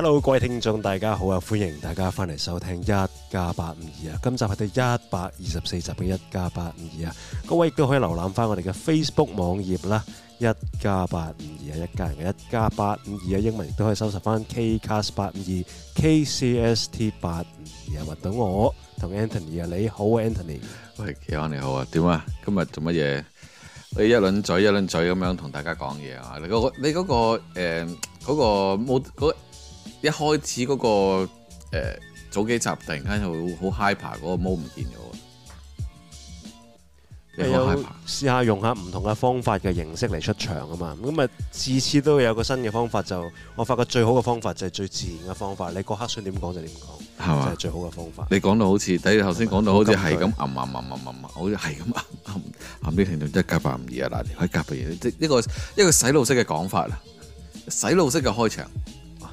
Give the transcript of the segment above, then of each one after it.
hello，各位聽眾，大家好啊！歡迎大家翻嚟收聽一加八五二啊。今集係第一百二十四集嘅一加八五二啊。各位亦都可以瀏覽翻我哋嘅 Facebook 網頁啦。一加八五二啊，一家人嘅一加八五二啊，英文亦都可以收拾翻 kcast 八五二 kcst 八五二啊。搵到我同 Anthony 啊，你好，Anthony。喂，傑安你好啊，點啊？今日做乜嘢？你一輪嘴一輪嘴咁樣同大家講嘢啊？你嗰你嗰個誒嗰個冇嗰。一開始嗰個誒早幾集突然間又好 hyper 嗰個模唔見咗，你可試下用下唔同嘅方法嘅形式嚟出場啊嘛！咁啊，次次都有個新嘅方法就，我發覺最好嘅方法就係最自然嘅方法，你個黑箱點講就點講，係嘛？就係最好嘅方法。你講到好似，睇頭先講到好似係咁，撳撳撳撳撳好似係咁撳撳啲程度一加八唔易啊！嗱，可以加嘅嘢，即係一個一個洗腦式嘅講法啦，洗腦式嘅開場。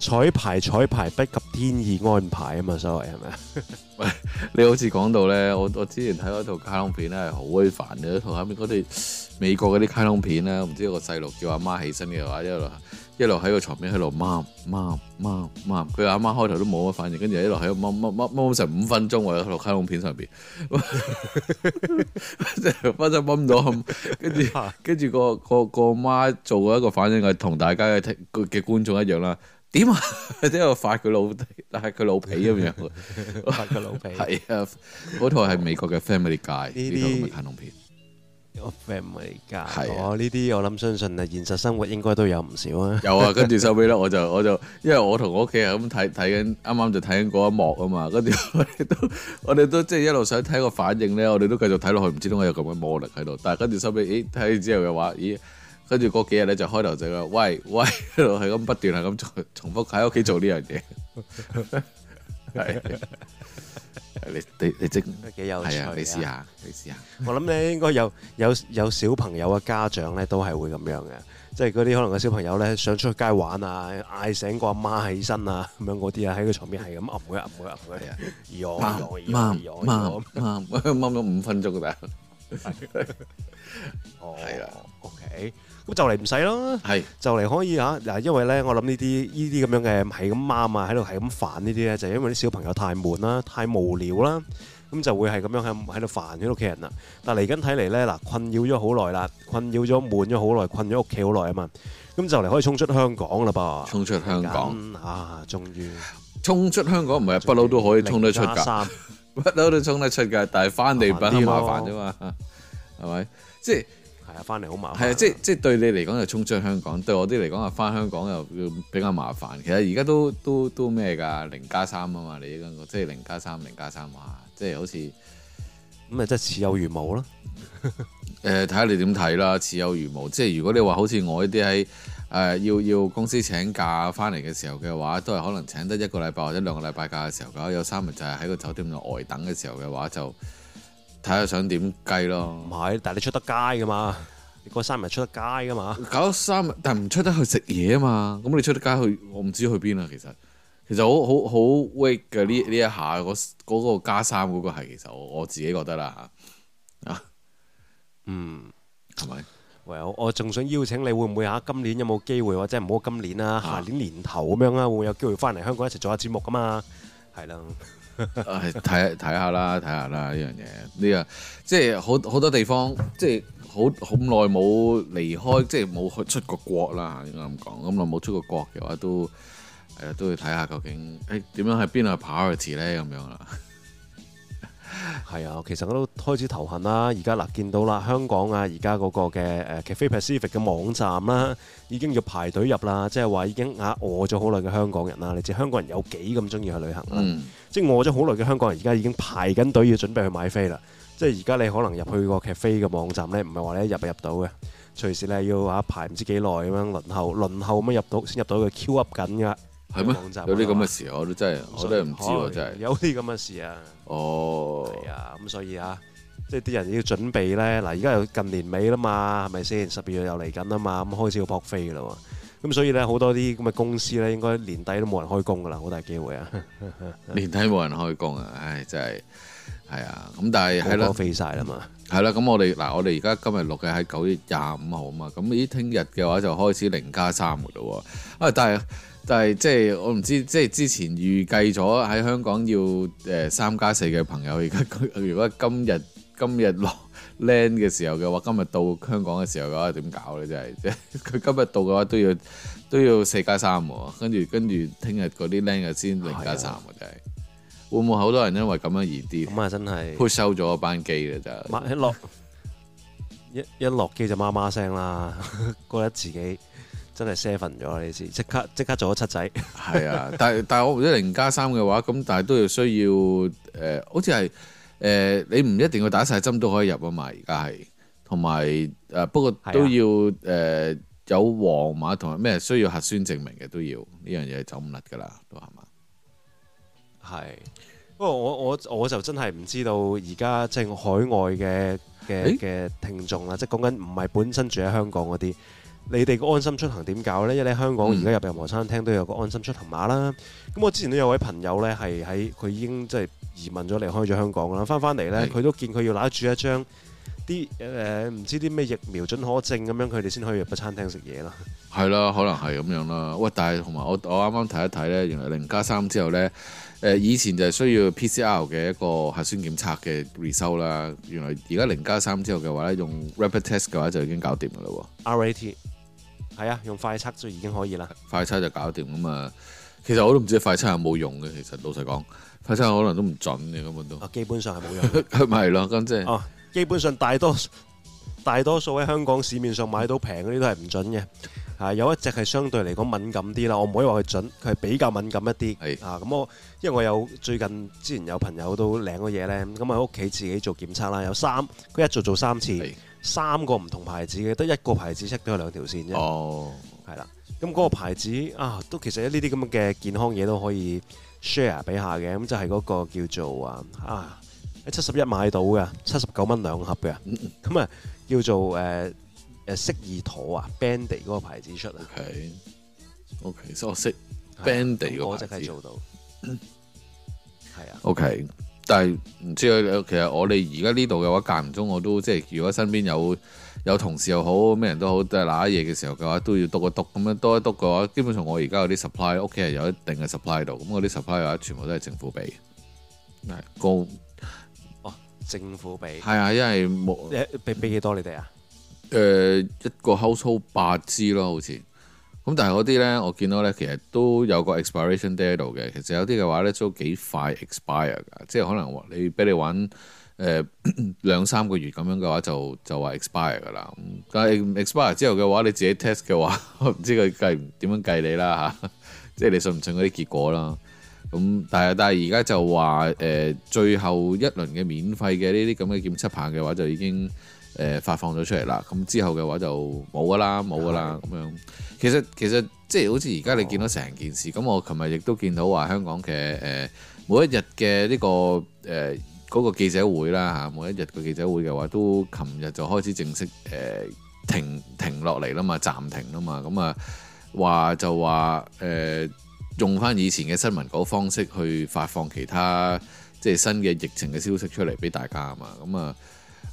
彩排，彩排不及天意安排啊嘛，所謂係咪？你好似講到咧，我我之前睇嗰套卡通片咧係好鬼煩嘅，嗰套後面嗰啲美國嗰啲卡通片咧，唔知個細路叫阿媽起身嘅話，一路一路喺個床邊，喺度媽媽媽媽，佢阿媽開頭都冇乜反應，跟住一路喺度掹掹掹掹成五分鐘喎，喺套卡通片上邊，即係分身分唔到，跟住跟住個個個阿媽做一個反應係同大家嘅嘅觀眾一樣啦。點啊？即 係發佢老，但係佢老皮咁樣，發佢老皮。係 啊，嗰套係美國嘅，哦《Family Guy》呢套咪卡通片。《Family Guy》係，哦呢啲我諗相信啊，現實生活應該都有唔少啊。有 啊，跟住收尾咧，我就我就，因為我同我屋企人咁睇睇緊，啱啱就睇緊嗰一幕啊嘛。跟住我哋都，我哋都，都即係一路想睇個反應咧。我哋都繼續睇落去，唔知道點解有咁嘅魔力喺度。但係跟住收尾，咦？睇完之後嘅話，咦？跟住過幾日咧，就開頭就話，喂，喂，一路係咁不斷係咁重重複喺屋企做呢樣嘢，係你你你即係幾有趣啊？你試下，你試下。我諗你應該有有有小朋友嘅家長咧都係會咁樣嘅，即係嗰啲可能個小朋友咧想出街玩啊，嗌醒個阿媽起身啊，咁樣嗰啲啊喺佢床邊係咁嗡嘅嗡嘅嗡嘅，而我而我而我啱啱五分鐘噶啦，係啊，OK。就嚟唔使咯，係就嚟可以吓嗱，因為咧，我諗呢啲呢啲咁樣嘅係咁啱嘛，喺度係咁煩呢啲咧，就因為啲小朋友太悶啦，太無聊啦，咁就會係咁樣喺喺度煩屋企人啊。但嚟緊睇嚟咧，嗱困擾咗好耐啦，困擾咗悶咗好耐，困咗屋企好耐啊嘛。咁就嚟可以衝出香港啦噃，衝出香港啊，終於衝出香港唔係不嬲都可以衝得出噶，不嬲都衝得出噶，但係翻嚟比較麻煩啫嘛，係咪、啊？吧即係。嗯翻嚟好麻煩，係啊！即即對你嚟講就衝出香港，對我哋嚟講又翻香港又比較麻煩。其實而家都都都咩㗎？零加三啊嘛！你依家即零加三，零加三啊！即, 3，即好似咁咪即似有如無咯。誒、 呃，睇下你點睇啦？似有如無，即如果你話好似我呢啲喺誒要要公司請假翻嚟嘅時候嘅話，都係可能請得一個禮拜或者兩個禮拜假嘅時候㗎。有三日就係喺個酒店度呆等嘅時候嘅話就。睇下想點計咯，唔係，但係你出得街噶嘛？你講三日出得街噶嘛？搞三日，但係唔出得去食嘢啊嘛？咁你出得街去，我唔知去邊啦。其實，其實好好好 weak 嘅呢呢一下嗰、啊、個加三嗰個係，其實我自己覺得啦嚇啊，嗯，喂喂係咪、well, 我仲想邀請你，會唔會嚇、啊、今年有冇機會？或者唔好今年啦、啊，下年年頭咁樣啦，啊、會唔會有機會翻嚟香港一齊做下節目咁、啊、嘛？係啦。誒，睇睇下啦，睇下啦，呢樣嘢，呢個即係好好多地方，即係好好耐冇離開，即係冇去出過國啦。應該咁講，咁耐冇出過國嘅話，都係、哎、都要睇下究竟誒，點、哎、樣喺邊度跑字咧咁樣啦。啊係啊，其實我都開始頭痕啦。而家嗱，見到啦，香港啊，而家嗰個嘅誒，咖啡 Pacific 嘅網站啦、啊，已經要排隊入啦。即係話已經吓餓咗好耐嘅香港人啦。你知香港人有幾咁鍾意去旅行啦、啊？嗯、即係餓咗好耐嘅香港人，而家已經排緊隊要準備去買飛啦。即係而家你可能入去個咖啡嘅網站咧，唔係話你一入就入到嘅，隨時你要話排唔知幾耐咁樣輪候，輪候咁樣入到先入到個 queue up 緊嘅。係咩？有啲咁嘅事，吧我都真係我都唔知喎，真係有啲咁嘅事啊。哦，係啊，咁所以啊，即係啲人要準備咧。嗱，而家又近年尾啦嘛，係咪先十二月又嚟緊啦嘛，咁開始要撲飛噶啦。咁所以咧，好多啲咁嘅公司咧，應該年底都冇人開工噶啦，好大機會啊！ 年底冇人開工啊，唉，真係係啊。咁但係係啦，撲撲飛晒啦嘛，係啦、啊。咁我哋嗱，我哋而家今日錄嘅喺九月廿五號啊嘛，咁咦，聽日嘅話就開始零加三噶啦喎。啊，但係。但係即係我唔知，即係之前預計咗喺香港要誒三加四嘅朋友，而家如果今日今日落 land 嘅時候嘅話，今日到香港嘅時候嘅話點搞咧？真係即係佢今日到嘅話都要都要四加三喎，跟住跟住聽日嗰啲 land 又先零加三喎，3, 的真係會唔會好多人因為咁樣而跌？咁啊真係 p 收咗班機嘅就， 一落一一落機就媽媽聲啦，覺得自己。真係 seven 咗你先，即刻即刻做咗七仔。係啊， 但係但係我唔知零加三嘅話，咁但係都要需要誒、呃，好似係誒，你唔一定要打晒針都可以入啊嘛。而家係同埋誒，不過都要誒是、啊呃、有黃碼同埋咩需要核酸證明嘅都要，呢樣嘢走唔甩噶啦，都係嘛？係，不過我我我就真係唔知道而家即係海外嘅嘅嘅聽眾啦，即係講緊唔係本身住喺香港嗰啲。你哋個安心出行點搞呢？因為你香港而家入任何餐廳都有個安心出行碼啦。咁、嗯、我之前都有位朋友呢，係喺佢已經即係移民咗離開咗香港啦。翻翻嚟呢，佢是都見佢要攞住一張啲誒唔知啲咩疫苗準可證咁樣，佢哋先可以入個餐廳食嘢啦。係啦，可能係咁樣啦。喂，但係同埋我我啱啱睇一睇呢，原來零加三之後呢，誒以前就係需要 P C R 嘅一個核酸檢測嘅 result 啦。原來而家零加三之後嘅話呢，用 rapid test 嘅話就已經搞掂噶喎。R A T 係啊，用快測就已經可以啦。快測就搞掂啊嘛。其實我都唔知快測有冇用嘅。其實老實講，快測可能都唔準嘅根本都。基本上係冇用。係咪咯？咁即係。哦，基本上大多大多數喺香港市面上買到平嗰啲都係唔準嘅。啊，有一隻係相對嚟講敏感啲啦。我唔可以話佢準，佢係比較敏感一啲。是啊。咁我因為我有最近之前有朋友都領咗嘢咧，咁喺屋企自己做檢測啦。有三，佢一做做三次。三個唔同牌子嘅，得一個牌子識有兩條線啫。哦，係啦。咁嗰個牌子啊，都其實呢啲咁嘅健康嘢都可以 share 俾下嘅。咁、嗯、就係、是、嗰個叫做啊啊喺七十一買到嘅，七十九蚊兩盒嘅。咁啊叫做誒誒適宜妥啊 Bandy 嗰個牌子出嚟。O K，O K，所以我識 Bandy 嗰個我真係做到。係啊。O K。了但係唔知啊，其實我哋而家呢度嘅話，間唔中我都即係，如果身邊有有同事又好，咩人都好，都係嗱嘢嘅時候嘅話，都要篤一篤。咁樣篤一篤嘅話，基本上我而家嗰啲 supply 屋企係有一定嘅 supply 度，咁我啲 supply 嘅話全部都係政府俾，係高的個哦，政府俾係啊，因為冇俾俾幾多你哋啊？誒、呃、一個 household 八支咯，好似。咁但係嗰啲呢，我見到呢其實都有個 expiration date 嘅。其實有啲嘅話呢，都幾快 expire 㗎。即係可能你俾你玩誒兩、呃、三個月咁樣嘅話，就就話 expire 噶啦。咁但係 expire 之後嘅話，你自己 test 嘅話，我唔 知佢計點樣計你啦嚇。 即係你信唔信嗰啲結果啦？咁但係但係而家就話誒、呃，最後一輪嘅免費嘅呢啲咁嘅檢測棒嘅話，就已經。誒發放咗出嚟啦，咁之後嘅話就冇噶啦，冇噶啦咁樣。其實其實即係好似而家你見到成件事，咁、哦、我琴日亦都見到話香港嘅誒每一日嘅呢個誒嗰、呃嗰個記者會啦嚇，每一日嘅記者會嘅話都琴日就開始正式誒、呃、停停落嚟啦嘛，暫停啊嘛，咁啊話就話誒、呃、用翻以前嘅新聞稿方式去發放其他即係新嘅疫情嘅消息出嚟俾大家啊嘛，咁啊。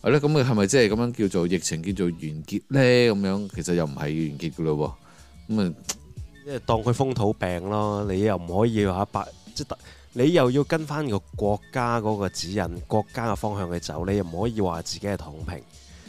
係咧，咁咪係咪即係咁樣叫做疫情叫做完結咧？咁樣其實又唔係完結噶咯，咁啊，即係當佢風土病咯。你又唔可以話白，即係你又要跟翻個國家嗰個指引，國家嘅方向去走，你又唔可以話自己係躺平。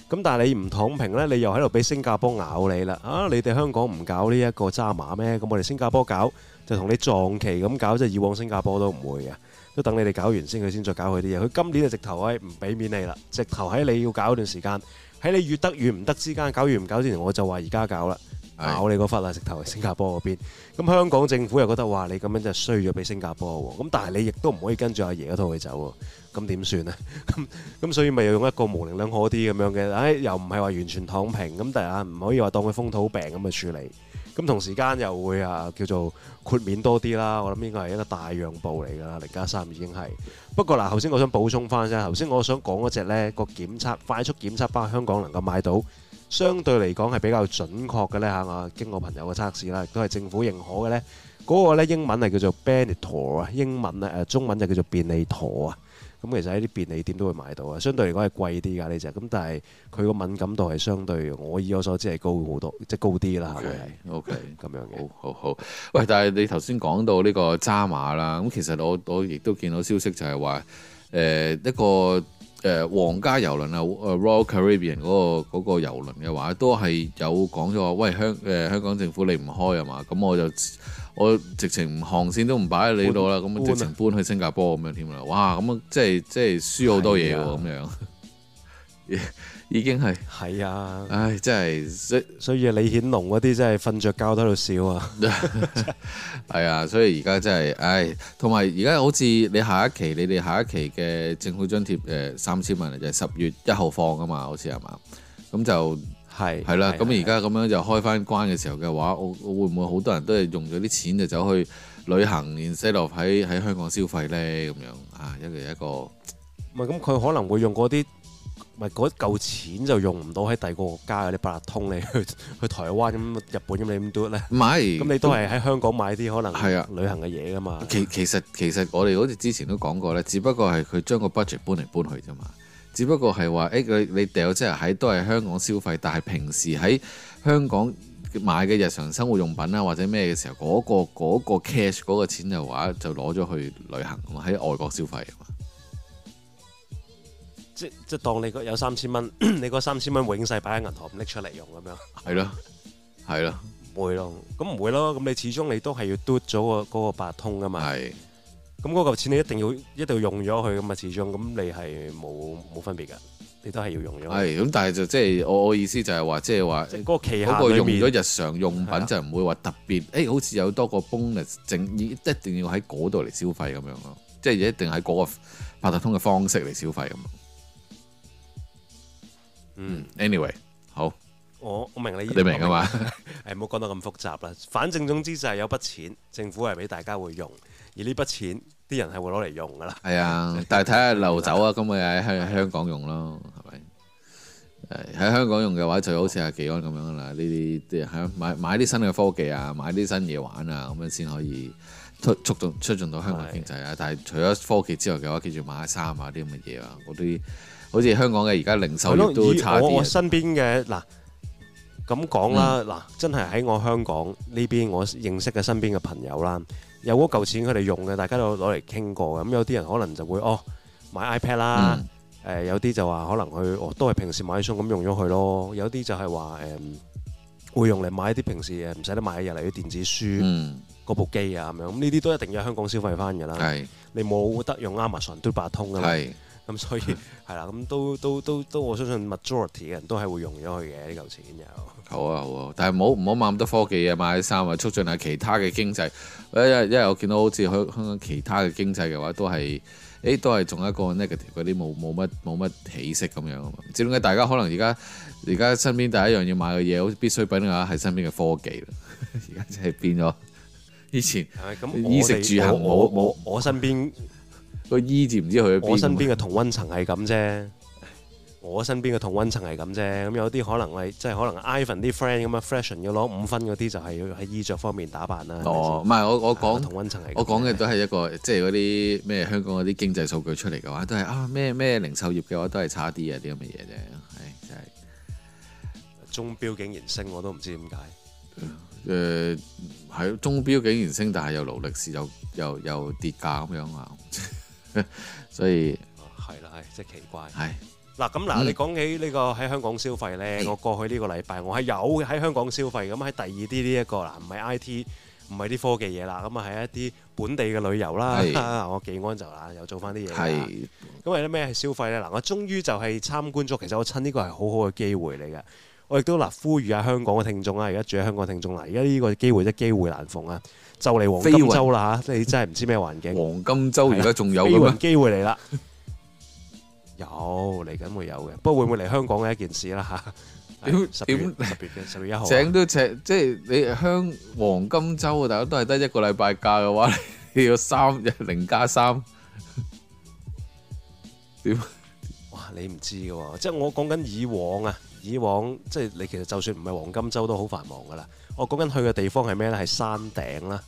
咁但係你唔躺平咧，你又喺度俾新加坡咬你啦。啊，你哋香港唔搞呢一個渣馬咩？咁我哋新加坡搞就同你撞期咁搞，即係以往新加坡都唔會嘅。都等你哋搞完先，佢先再搞佢啲嘢。佢今年就直頭喺唔俾面你啦，直頭喺你要搞嗰段時間，喺你越得越唔得之間搞完唔搞之前，我就話而家搞啦，搞你嗰忽啦，直頭喺新加坡嗰邊。咁香港政府又覺得話，你咁樣就衰咗俾新加坡喎。咁但係你亦都唔可以跟住阿爺嗰套去走喎。咁點算咧？咁 咁、嗯嗯、所以咪用一個模棱兩可啲咁樣嘅，唉、哎，又唔係話完全躺平。咁但係啊，唔可以話當佢風土病咁去處理。咁同時間又會啊，叫做豁免多啲啦，我諗呢個係一個大讓步嚟㗎啦，零加三已經係。不過嗱，頭先我想補充翻啫，頭先我想講嗰隻咧，個檢測快速檢測包，香港能夠買到，相對嚟講係比較準確嘅咧嚇。我經過朋友嘅測試啦，亦都係政府認可嘅咧，嗰個咧英文係叫做 Benetor 啊，英文啊，誒中文就叫做便利妥啊。咁其實喺啲便利店都會買到啊，相對嚟講係貴啲㗎呢隻，咁但係佢個敏感度係相對，我以我所知係高好多，即係高啲啦，係咪？OK，咁樣嘅。好好好，喂，但係你頭先講到呢個渣馬啦，咁其實我我亦都見到消息就係話，誒一個。誒皇家遊輪啊，Royal Caribbean 嗰個嗰個遊輪嘅話，都係有講咗話，喂，香誒香港政府你唔開吖嘛？咁我就我直情航線都唔擺喺你度啦，咁啊直情搬去新加坡咁樣添啦，哇！咁啊即係即係輸好多嘢喎咁樣。的 已經係係啊！唉，真係所以所以李顯龍嗰啲真係瞓着覺都喺度笑啊！係 啊，所以而家真係唉，同埋而家好似你下一期你哋下一期嘅政府津貼誒三千萬嚟，就係十月一號放啊嘛，好似係嘛？咁就係係啦。咁而家咁樣就開翻關嘅時候嘅話，我我會唔會好多人都係用咗啲錢就走去旅行，然後喺喺香港消費咧咁樣啊？一個一個唔係咁，佢可能會用嗰啲。唔係嗰嚿錢就用唔到喺第二個國家嘅，你八達通你去去台灣咁、日本咁你點 do 咧？唔係買，咁、嗯、你都係喺香港買啲可能係啊旅行嘅嘢㗎嘛。其其實其實我哋好似之前都講過咧，只不過係佢將個 budget 搬嚟搬去啫嘛。只不過係話誒，佢、欸、你掉咗之後喺都係香港消費，但係平時喺香港買嘅日常生活用品啊或者咩嘅時候，嗰、嗰個嗰個 cash 嗰個錢話就話就攞咗去旅行喎，喺外國消費啊嘛。即即當你有三千蚊，你嗰三千蚊永世擺喺銀行，拎出嚟用咁樣，係咯，係咯，唔會咯，咁唔會咯。咁你始終你都係要嘟咗個八達通噶嘛。係咁嗰嚿錢，你一定要一定要用咗佢噶嘛？始終咁你係冇冇分別㗎，你都係要用咗。係咁，但係就即係我我意思就係話，即係話即個期限裏面用咗日常用品就唔會話特別的、哎、好似有多個 bonus，淨一定要喺嗰度嚟消費咁樣咯。即係一定喺嗰個八達通嘅方式嚟消費咁。嗯，anyway，好，我我明你意思。你明啊嘛？唔好講到咁複雜啦。反正總之就係有筆錢，政府係俾大家會用，而呢筆錢啲人係會攞嚟用噶啦。係啊，但係睇下流走啊，咁咪喺喺香港用咯，係咪？誒喺的、哎、香港用嘅話，就好似阿幾安咁樣啦。呢啲即係買買啲新嘅科技啊，買啲新嘢玩啊，咁樣先可以促進促進到香港經濟啊。的但係除咗科技之外嘅話，記住買衫啊啲咁嘅嘢啊，嗰啲。好似香港嘅而家零售都差啲，我我身邊嘅，嗱咁講啦，嗱真係喺我香港呢邊我認識嘅身邊嘅朋友啦，有嗰嚿錢佢哋用嘅，大家都攞嚟傾過嘅。咁有啲人可能就會哦買 iPad 啦，誒有啲就話可能佢都係平時買啲書咁用咗佢咯，有啲就係話誒會用嚟買一啲平時誒唔使得買嘅嘢，嚟啲電子書，嗰部機啊咁樣。咁呢啲都一定要香港消費翻噶啦，係你冇得用 Amazon 都八通噶。咁所以係啦，咁 都都都都我相信 majority 嘅人都係會用咗佢嘅呢嚿錢又。好啊好啊，但係唔好唔好買咁多科技啊，買衫啊，促進下其他嘅經濟。因為因為我見到好似香港其他嘅經濟嘅話都係誒、欸、都係仲一個 negative 嗰啲冇冇乜冇乜起色咁樣啊嘛。知解大家可能而家而家身邊第一樣要買嘅嘢好似必需品啊，係身邊嘅科技而家真係變咗以前衣食住行，我我我，我，我身邊。個衣字唔知去咗邊？我身邊嘅同溫層係咁啫，我身邊嘅同溫層係咁啫。咁有啲可能係即係可能 Ivan 啲 friend 咁啊 fashion 要攞五分嗰啲就係要喺衣着方面打扮啦。哦，唔係我我講同溫層係，我講嘅、啊、都係一個即係嗰啲咩香港嗰啲經濟數據出嚟嘅話，都係啊咩咩零售業嘅話都係差啲啊啲咁嘅嘢啫，係即係鐘錶竟然升，我都唔知點解。誒，係鐘錶竟然升，但係又勞力士又又又跌價咁樣啊！所以係啦，係即係奇怪。係嗱的，咁嗱、啊，你講起呢個喺香港消費咧，的我過去呢個禮拜我係有喺香港消費，咁喺第二啲呢一個嗱，唔係 IT，唔係啲科技嘢啦，咁啊係一啲本地嘅旅遊啦的、啊，我幾安靜啦，又做翻啲嘢。係咁為咗咩消費咧？嗱，我終於就係參觀咗，其實我趁呢個係好好嘅機會嚟嘅。我亦都嗱，呼籲下香港嘅聽眾啦。而家住喺香港聽眾啦。而家呢個機會，即係機會難逢啊，就你黃金週啦吓。雲你真係唔知咩環境。黃金週而家仲有嘅咩？機會嚟啦， 有嚟緊會有嘅。不過會唔會嚟香港嘅一件事啦吓？點？點？十月一號，啊、請都請，即係你香黃金週大家都係得一個禮拜假嘅話，你要三日零加三。點 樣？哇！你唔知㗎，即係我講緊以往啊。以往即係你其實就算唔係黃金週都好繁忙噶啦。我講緊去嘅地方係咩呢？係山頂啦。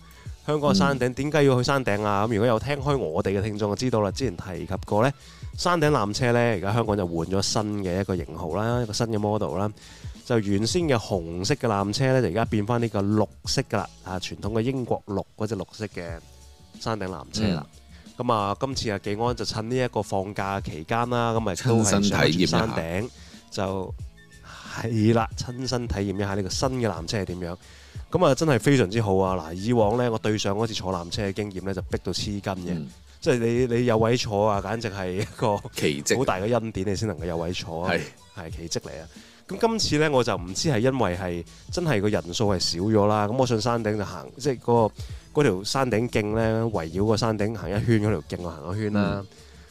香港嘅山頂點解、嗯、要去山頂啊？咁如果有聽開我哋嘅聽眾就知道啦。之前提及過呢，山頂纜車呢，而家香港就換咗新嘅一個型號啦，一個新嘅 model 啦。就原先嘅紅色嘅纜車呢，就而家變翻呢個綠色噶啦。啊，傳統嘅英國綠嗰隻綠色嘅山頂纜車啦。咁啊、嗯，今次啊，紀安就趁呢一個放假期間啦，咁咪都係上山頂就。係啦，親身體驗一下呢個新嘅纜車係點樣？咁啊，真係非常之好啊！嗱，以往呢我對上嗰次坐纜車嘅經驗呢，就逼到黐筋嘅，嗯、即係你你有位坐啊，簡直係一個奇蹟，好大嘅恩典，你先能夠有位坐啊，係奇蹟嚟啊！咁今是次呢，我就唔知係因為係真係個人數係少咗啦，咁我上山頂就行，即係嗰個條山頂徑呢，圍繞個山頂一行一圈嗰條徑，行一圈啦。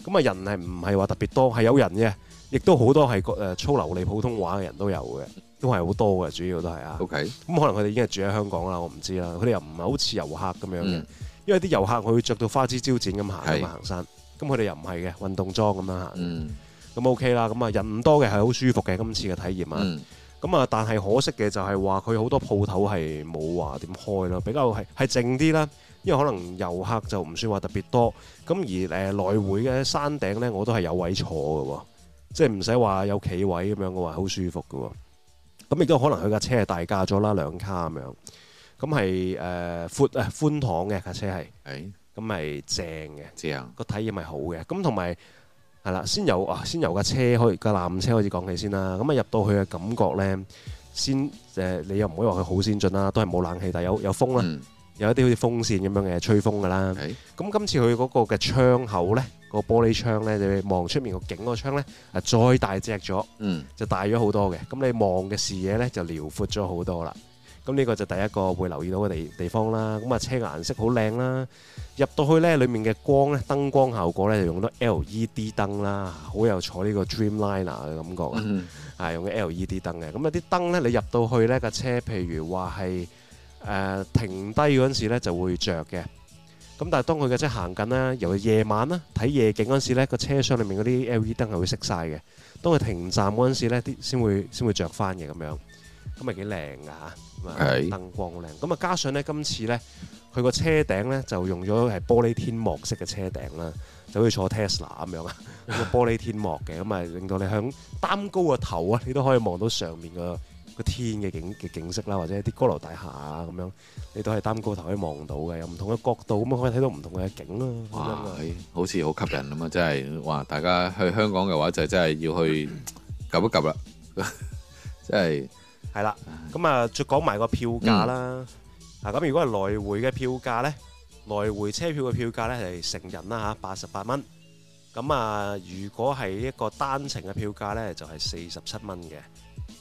咁啊，嗯、啊人係唔係話特別多，係有人嘅。亦都好多係誒粗流利普通話嘅人都有嘅，都係好多嘅。主要都係啊，咁 Okay. 可能佢哋已經係住喺香港啦。我唔知啦。佢哋又唔係好似遊客咁樣嘅，嗯、因為啲遊客佢會着到花枝招展咁行是行山。咁佢哋又唔係嘅運動裝咁樣行。咁、嗯、OK 啦。咁啊人唔多嘅，係好舒服嘅今次嘅體驗啊。咁啊、嗯，但係可惜嘅就係話佢好多鋪頭係冇話點開咯，比較係係靜啲啦。因為可能遊客就唔算話特別多咁，而誒來回嘅山頂咧，我都係有位坐嘅喎。即係唔使話有企位咁樣嘅話，好舒服㗎喎。咁亦都可能佢架車係大架咗啦，兩卡咁樣。咁係誒寬誒、呃、寬敞嘅架車係，咁係正嘅，個體驗係好嘅。咁同埋係啦，先由啊先由架車可架纜車開始講起先啦。咁啊入到、啊、去嘅感覺咧，先誒、啊、你又唔可以話佢好先進啦，都係冇冷氣，但係有有風啦，mm. 有一啲好似風扇咁樣嘅吹風㗎啦。咁今 Hey. 次佢嗰個嘅窗口咧。呢個玻璃窗咧，你望出面個景個窗咧，啊再大隻咗，就大咗好多嘅。咁你望嘅視野咧，就遼闊咗好多啦。咁呢個就第一個會留意到嘅地地方啦。咁啊，車嘅顏色好靚啦。入到去咧，裡面嘅光咧，燈光效果咧，就用咗 LED 燈啦，好有坐呢個 Dreamliner 嘅感覺啊。係用啲 LED 燈嘅。咁啊啲燈咧，你入到去咧架車，譬如話係誒停低嗰陣時咧，就會著嘅。咁但係當佢嘅即係行緊啦，尤其夜晚啦，睇夜景嗰陣時咧，個車廂裡面嗰啲 LED 燈係會熄曬嘅。當佢停站嗰陣時咧，啲先會先會著翻嘅咁樣，咁咪幾靚㗎嚇，咁啊燈光靚。咁啊加上咧今次咧，佢個車頂咧就用咗係玻璃天幕式嘅車頂啦，就好似坐 Tesla 咁樣啊，個玻璃天幕嘅，咁啊令到你響擔高個頭啊，你都可以望到上面個。個天嘅景嘅景色啦，或者啲高樓大廈啊咁樣，你都係擔高頭可以望到嘅，有唔同嘅角度咁啊，可以睇到唔同嘅景啦。哇，係好似好吸引啊嘛！真係，哇，大家去香港嘅話就真係要去 𥄫 一 𥄫 啦，真係係啦。咁啊，再講埋個票價啦。啊，咁如果係來回嘅票價咧，來回車票嘅票價咧係成人啦嚇，八十八蚊。咁啊，如果係一個單程嘅票價咧，就係四十七蚊嘅。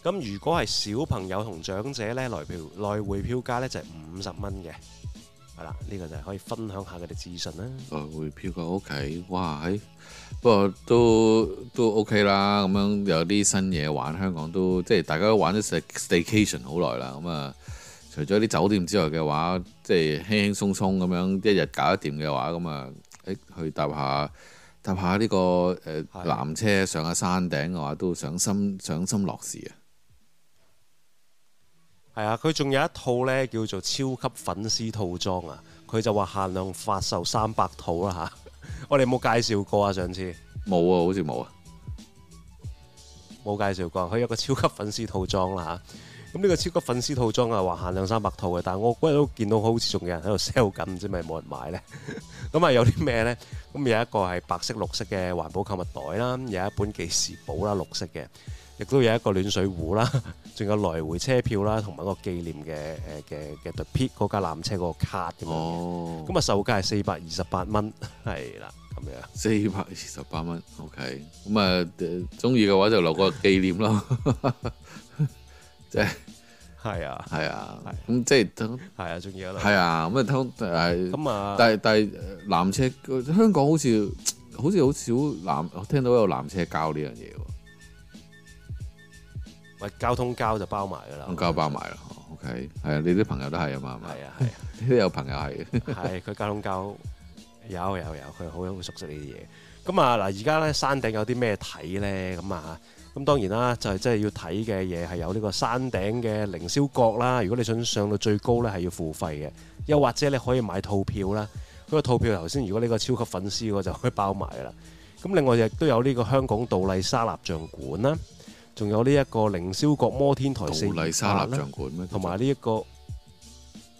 咁如果係小朋友同長者咧，來票來回票價咧就係五十蚊嘅，係啦，呢、這個就係可以分享下佢哋資訊啦。來回票價屋企，哇，不過都、嗯、都 O、OK、K 啦，咁樣有啲新嘢玩，香港都即係大家都玩得 staycation 好耐啦，咁啊，除咗啲酒店之外嘅話，即係輕輕鬆鬆咁樣一日搞一掂嘅話，咁啊，誒、欸、去搭下搭下呢、這個誒纜、呃、的車，上下山頂嘅話，都賞心賞心樂事啊！係啊，佢仲有一套咧叫做超級粉絲套裝啊，佢就話限量發售三百套啦吓。啊、 我哋有冇介紹過啊？上次冇啊，好似冇啊，冇介紹過。佢有個超級粉絲套裝啦吓。咁、啊、呢個超級粉絲套裝啊，話限量三百套嘅。但係我今日都見到好似仲有人喺度 sell 緊，唔知咪冇人買呢。咁 啊有啲咩呢？咁有一個係白色、綠色嘅環保購物袋啦，有一本記事簿啦，綠色嘅。亦都有一個暖水壺啦，仲有來回車票啦，同埋一個紀念嘅誒嘅嘅 ticket 嗰架纜車嗰個 card 咁樣咁，啊、哦、售價係四百二十八蚊，係啦咁樣，四百二十八蚊，OK，咁啊中意嘅話就留個紀念咯，即係係啊係啊，咁即係通係啊，仲要咯，係啊，咁啊通係咁啊，但係但係纜車香港好似好似好少纜，我聽到有纜車交呢樣嘢喎。交通交就包埋噶啦，交通包埋啦，OK，係啊，你啲朋友都係啊嘛，係啊，係，呢啲有朋友係，係 佢、啊、交通交有有有，佢好有佢熟悉、啊、呢啲嘢。咁啊嗱，而家咧山頂有啲咩睇咧？咁啊咁當然啦，就係即係要睇嘅嘢係有呢個山頂嘅凌霄閣啦。如果你想上到最高咧，係要付費嘅，又或者你可以買套票啦。嗰、那個套票頭先，如果呢個超級粉絲我就可以包埋噶啦。咁另外亦都有呢個香港杜麗莎蠟像館啦。仲有呢一個凌霄閣摩天台、杜麗莎蠟像館，同埋呢一個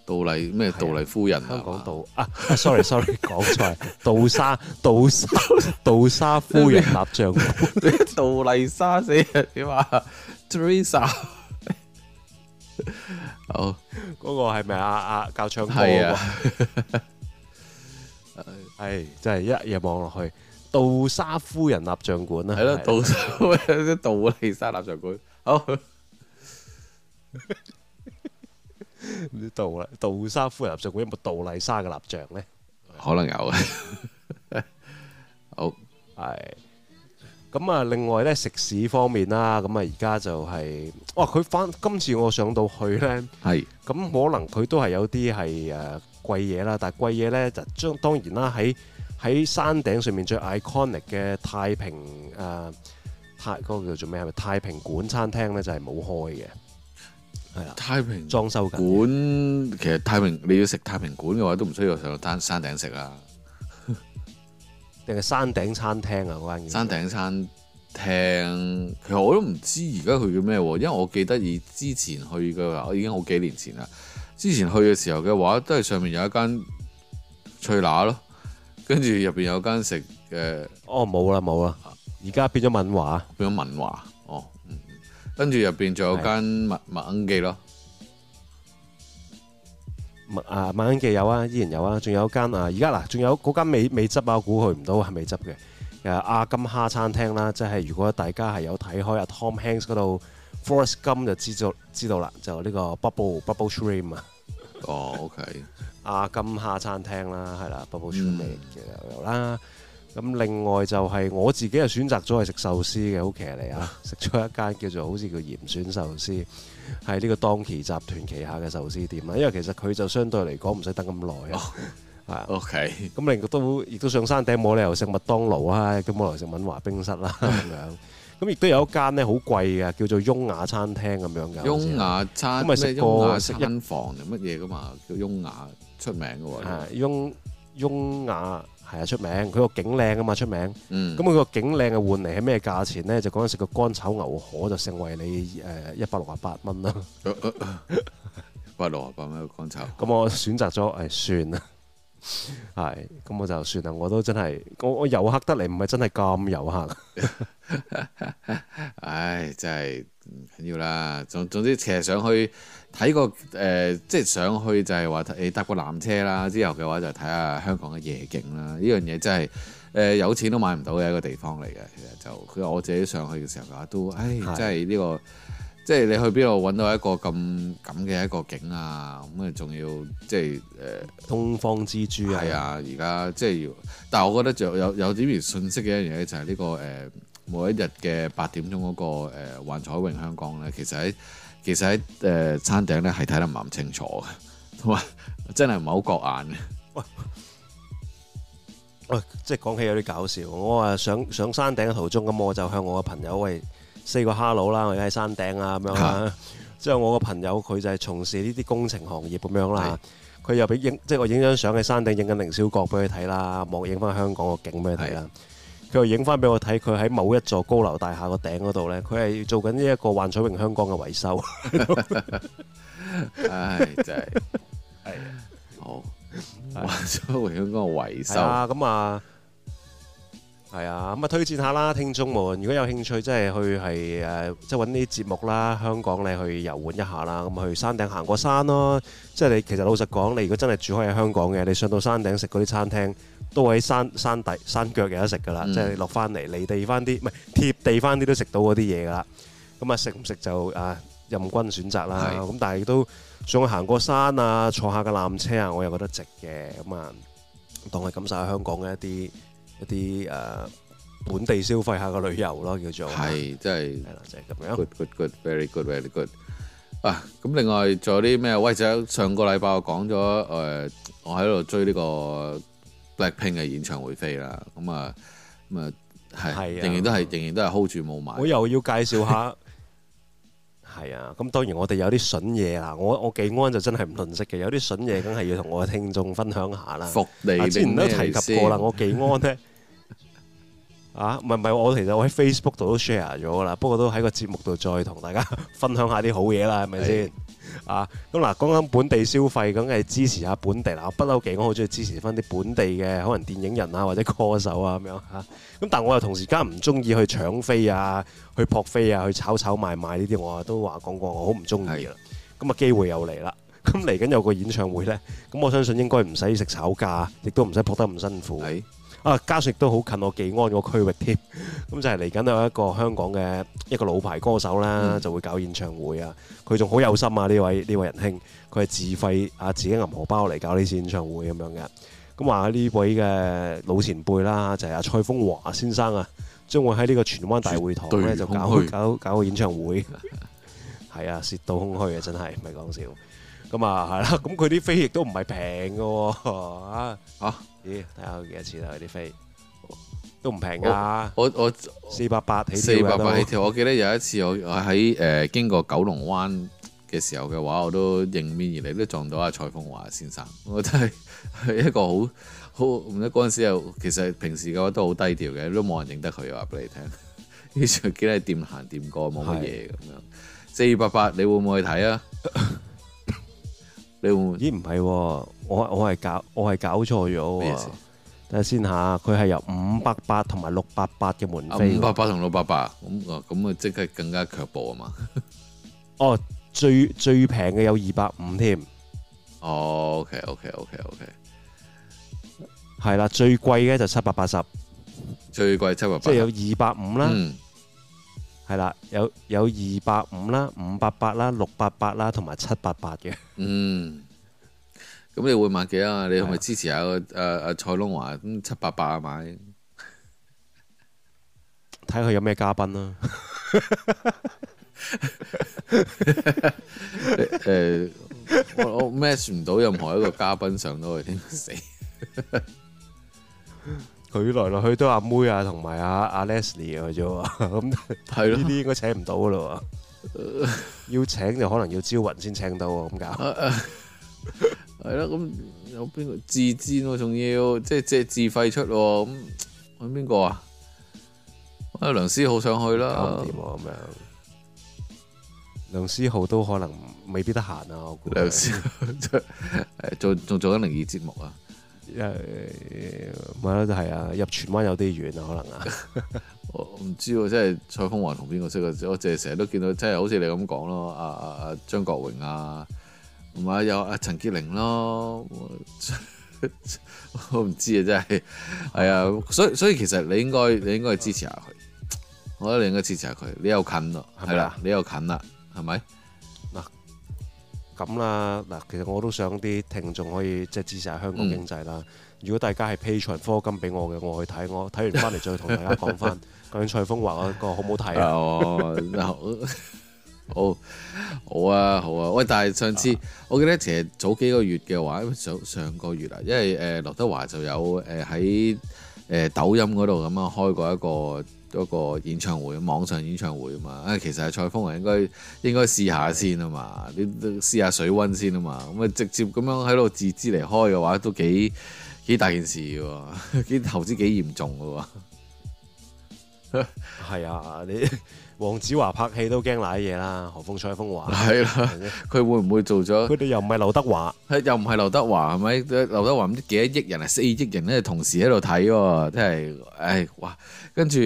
杜麗咩，杜麗夫人香港杜啊，sorry sorry，講錯杜莎杜莎杜莎夫人蠟像館，杜麗莎寫點啊，Teresa。好，嗰個係咪阿阿教唱歌？係，真係一夜望落去，杜莎夫人蠟像館啦。係咯，杜莎，杜麗莎蠟像館。好，唔知杜啦，杜莎夫人蠟像館有冇杜麗莎嘅蠟像咧？可能有嘅。好，係。咁啊，另外咧，食肆方面啦，咁啊而家就係，哇！佢翻，今次我上到去咧，係。咁可能佢都係有啲係誒。貴嘢啦，但係貴嘢咧就將當然啦，喺喺山頂上面最 iconic 嘅 IC 太平誒、呃、太嗰、那個、叫做咩係咪太平館餐廳咧就係冇開嘅，係啊太平裝修緊館其實太平你要食太平館嘅話都唔需要上到山頂食啦，定 係山頂餐廳啊嗰間嘢？山頂餐廳其實我都唔知而家佢叫咩，因為我記得以之前去嘅話，我已經好幾年前啦。之前去嘅時候嘅話，都係上面有一間翠拿咯，跟住入邊有間食嘅。呃、哦冇啦冇啦，而家變咗文華，變咗文華，哦，跟住入邊仲有間的麥麥恩記咯，麥啊麥恩記有啊，依然有，有啊，仲有間啊，而家嗱，仲有嗰間美美汁啊，我估去唔到係美汁嘅，誒阿金蝦餐廳啦，即係如果大家係有睇開阿 Tom Hanks 嗰度。Forest 金就知道知道啦，就呢個 ble, bubble bubble stream 啊。哦，OK。阿金蝦餐廳啦，係啦，bubble stream 嘅有啦。咁、嗯、另外就係我自己又選擇咗係食壽司嘅，好奇嚟啊！食咗一間叫做好似叫鹽選壽司，係呢個當其集團旗下嘅壽司店啦。因為其實佢就相對嚟講唔使等咁耐啊。係 OK。咁另外都亦都上山頂冇理由食麥當勞啊，咁冇理由食敏華冰室啦咁樣。 咁亦都有一間咧好貴嘅，叫做雍雅餐廳咁樣嘅。雍雅餐，咁咪食雍雅食珍房定乜嘢噶嘛？叫雍雅出名嘅喎。啊，雍雍雅係啊出名，佢個景靚啊嘛出名。咁佢個景靚嘅換嚟係咩價錢咧？就嗰陣食個乾炒牛河就成為你誒一百六十八蚊啦。一百六十八蚊個乾炒。咁 我選擇咗，誒算啦。係，咁我就算啦，我都真係，我我遊客得嚟，唔係真係咁遊客。唉、 哎，真係唔緊要啦。總總之，其實上去睇過誒，即係上去就係話，誒搭個纜車啦。之後嘅話就睇下香港嘅夜景啦。呢樣嘢真係，誒、呃、有錢都買唔到嘅一個地方嚟嘅。其實就佢話我自己上去嘅時候嘅話，都、哎、唉真係呢、這個。即係你去邊度揾到一個咁咁嘅一個景啊？咁啊，仲要即係誒？呃、東方之珠啊！係啊！而家即係要，但係我覺得仲有、嗯、有點信息嘅一樣嘢、這個，就係呢個誒每一日嘅八點鐘嗰、那個誒幻、呃、彩詠香港咧，其實喺其實喺誒、呃、山頂咧係睇得唔係咁清楚嘅，同埋真係唔係好覺眼嘅。喂喂、哎，即係講起有啲搞笑，我話上上山頂嘅途中，咁我就向我嘅朋友喂。四個哈佬啦，我哋喺山頂啊咁樣啦。之後我個朋友佢就係從事呢啲工程行業咁樣啦。佢又俾影，即係我影張相喺山頂影緊凌霄閣俾佢睇啦，望影翻香港個景俾佢睇啦。佢又影翻俾我睇，佢喺某一座高樓大廈個頂嗰度咧，佢係做緊呢一個幻彩詠香港嘅維修。唉，真係係好幻彩詠香港嘅維修。咁啊～係啊，咁啊推薦下啦，聽眾們，如果有興趣，即係去，係誒，即係揾啲節目啦，香港你去遊玩一下啦，咁去山頂行過山咯。即係你其實老實講，你如果真係住開喺香港嘅，你上到山頂食嗰啲餐廳，都喺山山底山腳有得食噶啦。嗯、即係落翻嚟，離地翻啲，唔係貼地翻啲都食到嗰啲嘢噶啦。咁啊，食唔食就啊任君選擇啦。咁是但係都上去行過山啊，坐下個纜車啊，我又覺得值嘅。咁啊，當係感受下香港嘅一啲。一啲誒、呃、本地消費下嘅旅遊咯，叫做係真係係啦，就係咁樣。Good good good，very good very good 啊！咁另外仲有啲咩？喂，上個禮拜我講咗誒，我喺度追呢個 BLACKPINK 嘅演唱會飛啦。咁啊咁啊，係、啊啊、仍然都係仍然都係 hold 住霧霾。我又要介紹下。 係啊，咁當然我哋有啲筍嘢啦。我我幾安就真係唔吝嗇嘅，有啲筍嘢梗係要同我嘅聽眾分享下啦。福利服你、啊、之前都提及過啦，我幾安咧 啊，唔係唔係，我其實我喺 Facebook 度都 share 咗噶啦，不過都喺個節目度再同大家 分享下啲好嘢啦，係咪先？啊，咁、啊、嗱，講緊本地消費梗係支持下本地啦，不嬲幾講好中意支持翻啲本地嘅，可能電影人啊或者歌手啊咁樣吓。咁、啊啊、但係我又同時間唔中意去搶飛啊，去撲飛啊，去炒炒賣賣呢啲，我都話講過，我好唔中意啦。咁的啊機會又嚟啦，咁嚟緊有個演唱會呢，咁我相信應該唔使食炒價，亦都唔使撲得咁辛苦。啊，加上都好近我嘅安嗰個區域添，咁就係嚟緊有一個香港嘅一個老牌歌手啦，就會搞演唱會啊。佢仲好有心啊，呢位呢位仁兄，佢係自費啊，自己銀荷包嚟搞呢次演唱會咁樣嘅。咁話呢位嘅老前輩啦、啊，就係、是、阿、啊、蔡楓華先生啊，將會喺呢個荃灣大會堂咧就搞搞搞個演唱會。係 啊，蝕到空虛啊，真係唔係講笑。咁啊，係、嗯、啦。咁佢啲飛亦都唔係平嘅喎啊！啊咦，睇下幾多錢啊？佢啲飛都唔平噶。我我四百八起跳我，四百八起跳。我記得有一次我，我我喺誒經過九龍灣嘅時候嘅話，我都迎面而嚟，都撞到阿蔡楓華先生。我真係係一個好好唔知嗰時又其實平時嘅話都好低調嘅，都冇人認得佢。我話俾你聽，呢前幾多掂行掂過冇乜嘢咁樣四百八，是的 80，你會唔會去睇啊？ 你會唔會咦唔係、啊，我我係搞我係搞錯咗、啊。睇下先吓，佢係由五百八同埋六百八嘅門費。五百八同六百八，咁咁啊即係更加卻步啊嘛。 哦，最最平嘅有二百五添。哦，OK OK OK OK，係啦，最貴嘅就七百八十，最貴七百八。即係有二百五啦。係啦，有有二百五啦、五百八啦、六百八啦，同埋七百八嘅。嗯，咁你會買幾是的 啊？你係咪支持下阿阿蔡楓華七百八,八啊買？睇佢有咩嘉賓啦。誒、呃，我我 match 唔到任何一個嘉賓上到去，點死？ .佢來來去去都阿妹啊，同埋阿阿 Leslie 嘅啫喎，咁呢啲應該請唔到嘅咯，呃、 要請就可能要招魂先請到啊，咁搞係咯，咁有邊個自薦，仲要即係即係自費出，咁係邊個啊？阿梁思浩想去啦，咁、嗯、樣、嗯嗯嗯嗯、梁思浩都可能未必得閒啊，我估梁思誒， 做仲做緊靈異節目啊？因唔係咯，就係啊，入荃灣有啲遠啊，可能啊，我唔知喎，即係蔡楓華同邊個識啊？我淨係成日都見到，即係好似你咁講咯，阿阿阿張國榮啊，唔、啊、係有阿陳潔玲咯，我唔知啊，知真係，係啊，所以所以其實你應該你應該去支持下佢，我覺得你應該支持下佢，你又近咯，係啦吧，你又近啦，係咪？咁啦，嗱，其實我都想啲聽眾可以即係支持下香港經濟啦。嗯、如果大家係 Patreon 課金俾我嘅，我去睇，我睇完翻嚟再同大家講翻嗰種颶風畫嗰個究竟蔡楓華嗰個好唔好睇啊？哦哦、 好，好啊，好啊。喂，但係上次、啊、我記得其實早幾個月嘅話，上上個月啊，因為誒，劉、呃、德華就有誒喺誒抖音嗰度咁啊，開過一個。嗰個演唱會，網上演唱會啊嘛，啊其實係蔡楓華應該應該試下先啊嘛，你都試下水溫先啊嘛，咁、嗯、啊直接咁樣喺度自資嚟開嘅話，都幾幾大件事喎、啊，幾投資幾嚴重嘅喎、啊，係 啊，你。黃子華拍戲都驚瀨嘢啦，何況蔡楓華係啦，佢、啊、會唔會做咗？佢哋又唔係劉德華，又唔係劉德華，係咪？劉德華唔知幾多億人啊，四億人咧同時喺度睇，真係，唉哇！跟住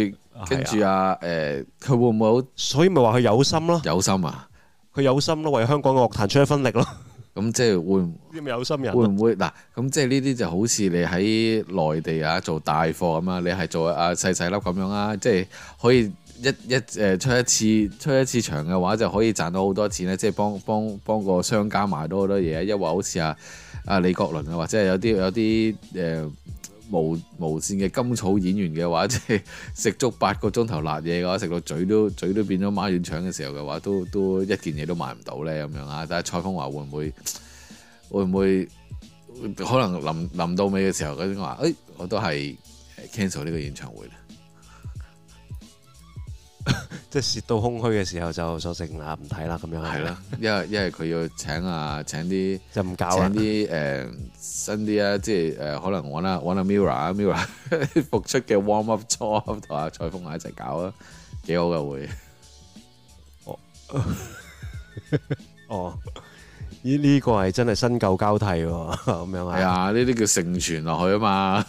跟住啊，誒、啊，佢、欸、會唔會？所以咪話佢有心咯，有心啊，佢有心咯，為香港嘅樂壇出一分力咯。咁即係會，啲咁有心人會唔會？嗱，咁即係呢啲就好似你喺內地啊做大貨咁啊，你係做啊細細粒咁樣啊，即係可以。一一誒，出一次出一次場嘅話，就可以賺到好多錢咧，即係幫幫幫個商家買多好多嘢，一話好似啊，阿李國麟啊，或者係、啊啊、有啲有啲誒、呃、無無線嘅甘草演員嘅話，即係食足八個鐘頭辣嘢嘅話，食到嘴都嘴都變咗馬尿腸嘅時候嘅話，都都一件嘢都買唔到咧咁樣啊！但係蔡楓華會唔會會唔會可能臨臨到尾嘅時候嗰啲話，誒我都係 cancel 呢個演唱會咧？即係蝕到空虛嘅時候就索性啊唔睇啦咁樣係咯，因為因為佢要請啊請啲就唔教啊，啲誒新啲啊，即係誒可能玩阿 Mirror，Mirror 復出嘅 Warm Up Chop 同阿蔡楓華啊一齊搞啊，幾好噶會哦哦，依呢個係真係新舊交替咁樣啊，呢啲叫承傳落去啊嘛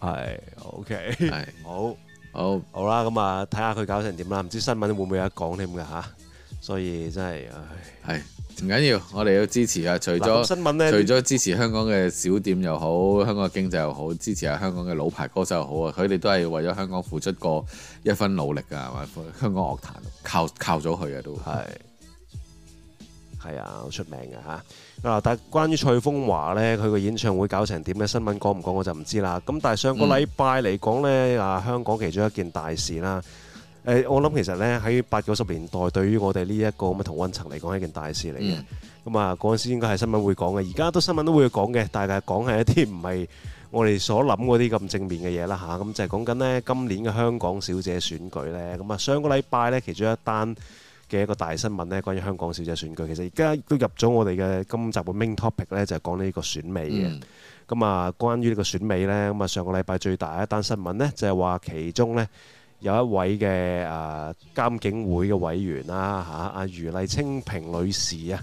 係 OK 係好。好好啦，咁啊睇下佢搞成點啦，唔知新聞會唔會有得講添㗎吓，所以真係，係唔緊要，我哋要支持啊！除咗除咗支持香港嘅小店又好，香港嘅經濟又好，支持下香港嘅老牌歌手又好啊！佢哋都係為咗香港付出過一分努力啊。係嘛？香港樂壇靠靠咗佢啊，都係係啊，好出名㗎吓。嗱，但係關於蔡楓華咧，佢個演唱會搞成點嘅新聞講唔講我就唔知啦。咁但係上個禮拜嚟講咧，啊香港其中一件大事啦。誒、欸，我諗其實咧喺八九十年代，對於我哋呢一個咁嘅同温層嚟講係一件大事嚟嘅。咁啊嗰陣時應該係新聞會講嘅，而家都新聞都會講嘅，但係講係一啲唔係我哋所諗嗰啲咁正面嘅嘢啦吓，咁、啊、就係講緊呢今年嘅香港小姐選舉咧。咁啊上個禮拜咧其中一單嘅一個大新聞呢，關於香港小姐選舉，其實而家都入咗我哋嘅今集嘅 main topic 呢，就係、是、講呢個選美嘅。咁啊，關於呢個選美呢，咁啊上個禮拜最大一單新聞呢，就係、是、話其中呢有一位嘅誒、啊、監警會嘅委員啦、啊、嚇，阿、啊、余黎青萍女士啊，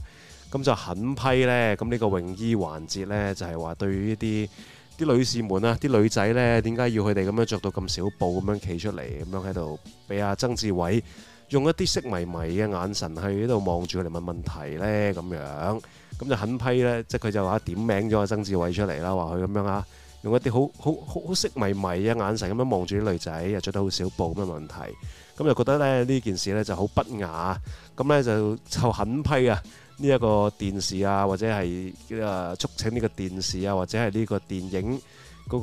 咁就狠批呢，咁呢個泳衣環節呢，就係、是、話對於呢啲啲女士們啊，啲女仔呢，點解要佢哋咁樣着到咁少布咁樣企出嚟，咁樣喺度俾阿曾志偉，用一啲色迷迷嘅眼神去喺度望住佢嚟問問題呢，咁樣，咁就狠批呢，即係佢就話點名咗曾志偉出嚟啦，話佢咁樣啊，用一啲好好好色迷迷嘅眼神咁樣望住啲女仔，又着得好少布咩問題，咁就覺得呢呢件事呢就好不雅，咁呢就就狠批啊呢一個電視啊，或者係誒、啊、促請呢個電視啊，或者係呢個電影嗰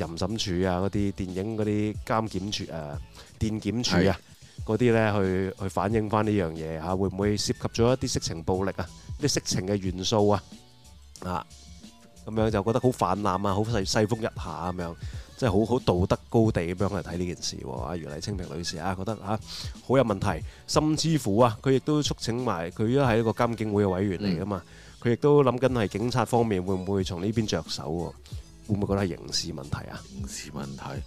個淫審處啊，嗰啲電影嗰啲監檢處啊電檢處啊。嗰啲咧去去反映翻呢樣嘢嚇，會唔會涉及咗一啲色情暴力啊？啲色情嘅元素啊，啊咁樣就覺得好泛濫啊，好世世風日下咁、啊、樣，即係好好道德高地咁樣嚟睇呢件事喎。啊，如麗清平女士啊，覺得啊好有問題。甚至乎啊，佢亦都促請埋佢，都係一個監警會嘅委員嚟噶嘛，佢亦、嗯、都諗緊係警察方面會唔會從呢邊着手喎、啊？會唔會覺得係刑事問題啊？刑事問題。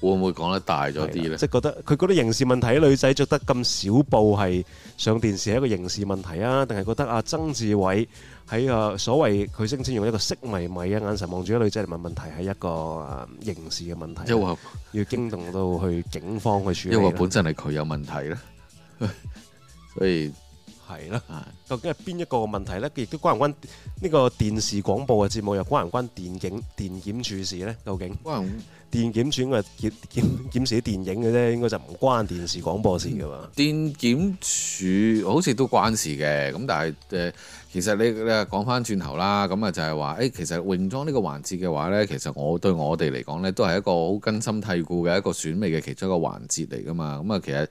會唔會講得大咗啲咧？即係覺得佢覺得刑事問題，女仔着得咁少布係上電視係一個刑事問題啊？定係覺得阿曾志偉喺個所謂佢聲稱用一個色迷迷嘅眼神望住啲女仔嚟問問題，係一個刑事嘅問題？因為要驚動到去警方去處理。因為本身係佢有問題咧，所以係啦。究竟係邊一個問題咧？佢亦都關唔關呢個電視廣播嘅節目又關唔關電影電檢處事咧？究竟？電檢處應該係檢檢檢視啲電影嘅啫，應該就唔關電視廣播事嘅嘛。電檢處好似都關事嘅，咁但係誒、呃，其實你你話講返轉頭啦，咁啊就係話誒，其實泳裝呢個環節嘅話呢，其實我對我哋嚟講呢，都係一個好根深蒂固嘅一個選美嘅其中一個環節嚟㗎嘛。咁、嗯、啊，其實誒、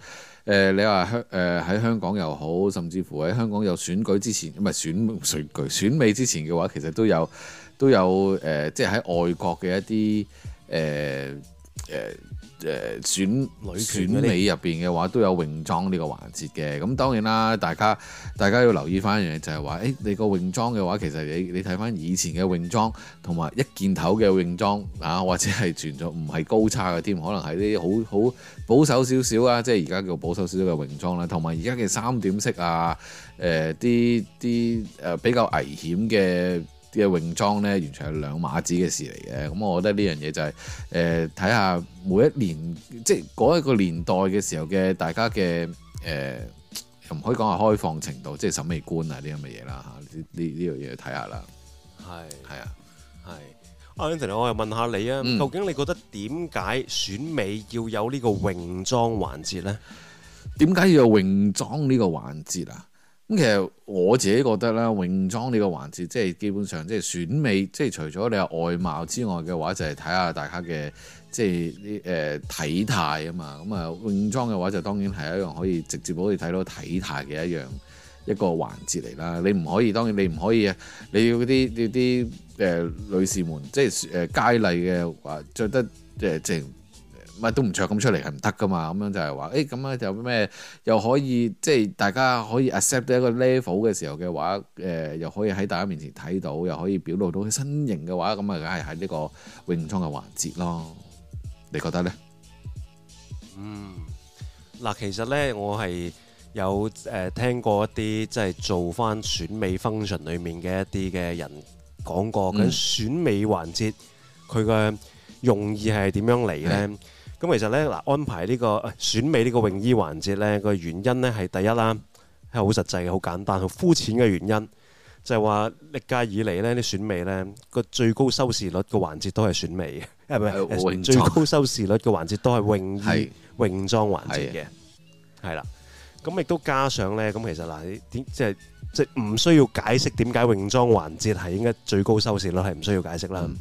呃、你話香誒喺香港又好，甚至乎喺香港有選舉之前唔係選選、選舉選美之前嘅話，其實都有都有誒、呃，即係喺外國嘅一啲。誒誒誒選女權選美入邊嘅話，都有泳裝呢個環節嘅。咁當然啦，大家大家要留意翻一樣嘢，就係、是、話，誒、欸、你個泳裝嘅話，其實你你睇翻以前嘅泳裝，同埋一件頭嘅泳裝啊，或者係存在唔係高叉嘅添，可能係啲好好保守少少啊，即係而家叫保守少少嘅泳裝啦。同埋而家嘅三點式啊，誒啲啲誒比較危險嘅。啲泳裝咧，完全係兩碼子嘅事嚟嘅。咁我覺得呢樣嘢就係誒睇下每一年，即係嗰一個年代嘅時候嘅大家嘅誒、呃，又唔可以講係開放程度，即係審美觀啊，呢啲咁嘅嘢啦嚇。呢呢呢樣嘢睇下啦。係係是啊係。阿 Andy 咧，我又問下你啊，嗯、究竟你覺得點解選美要有呢個泳裝環節咧？點解要有泳裝呢個環節啊？咁其實我自己覺得咧，泳裝呢個環節，即係基本上即係選美，即係除咗你有外貌之外嘅話，就係睇下大家嘅即係啲誒體態啊嘛。咁、嗯、啊，泳裝嘅話就當然係一樣可以直接可以睇到體態嘅一樣一個環節嚟啦。你唔可以，當然你唔可以啊！你要嗰啲啲啲誒女士們，即係誒佳麗嘅話，着、呃、得誒、呃、即係。咪都唔著乜咁出嚟係唔得噶嘛。咁樣就係話，誒咁樣就咩又可以即係大家可以 accept 到一個 level 嘅時候嘅話，誒、呃、又可以喺大家面前睇到，又可以表露到佢身形嘅話，咁啊梗係喺呢個泳裝嘅環節咯。你覺得呢？嗯，嗱，其實呢，我係有誒聽過一啲即係做翻選美 function 裏面嘅一啲嘅人講過，咁、嗯、選美環節佢嘅用意係點樣嚟呢？咁其實咧，嗱安排呢個選美呢個泳衣環節咧，個原因咧係第一啦，係好實際嘅、好簡單、好膚淺嘅原因，就係話歷屆以嚟咧啲選美咧個最高收視率個環節都係選美嘅，係咪？最高收視率個環節都係的 泳衣的泳裝環節嘅，係啦的。咁亦都加上咧，咁其實嗱，點即係即係唔需要解釋點解泳裝環節係應該最高收視率，係唔需要解釋啦。嗯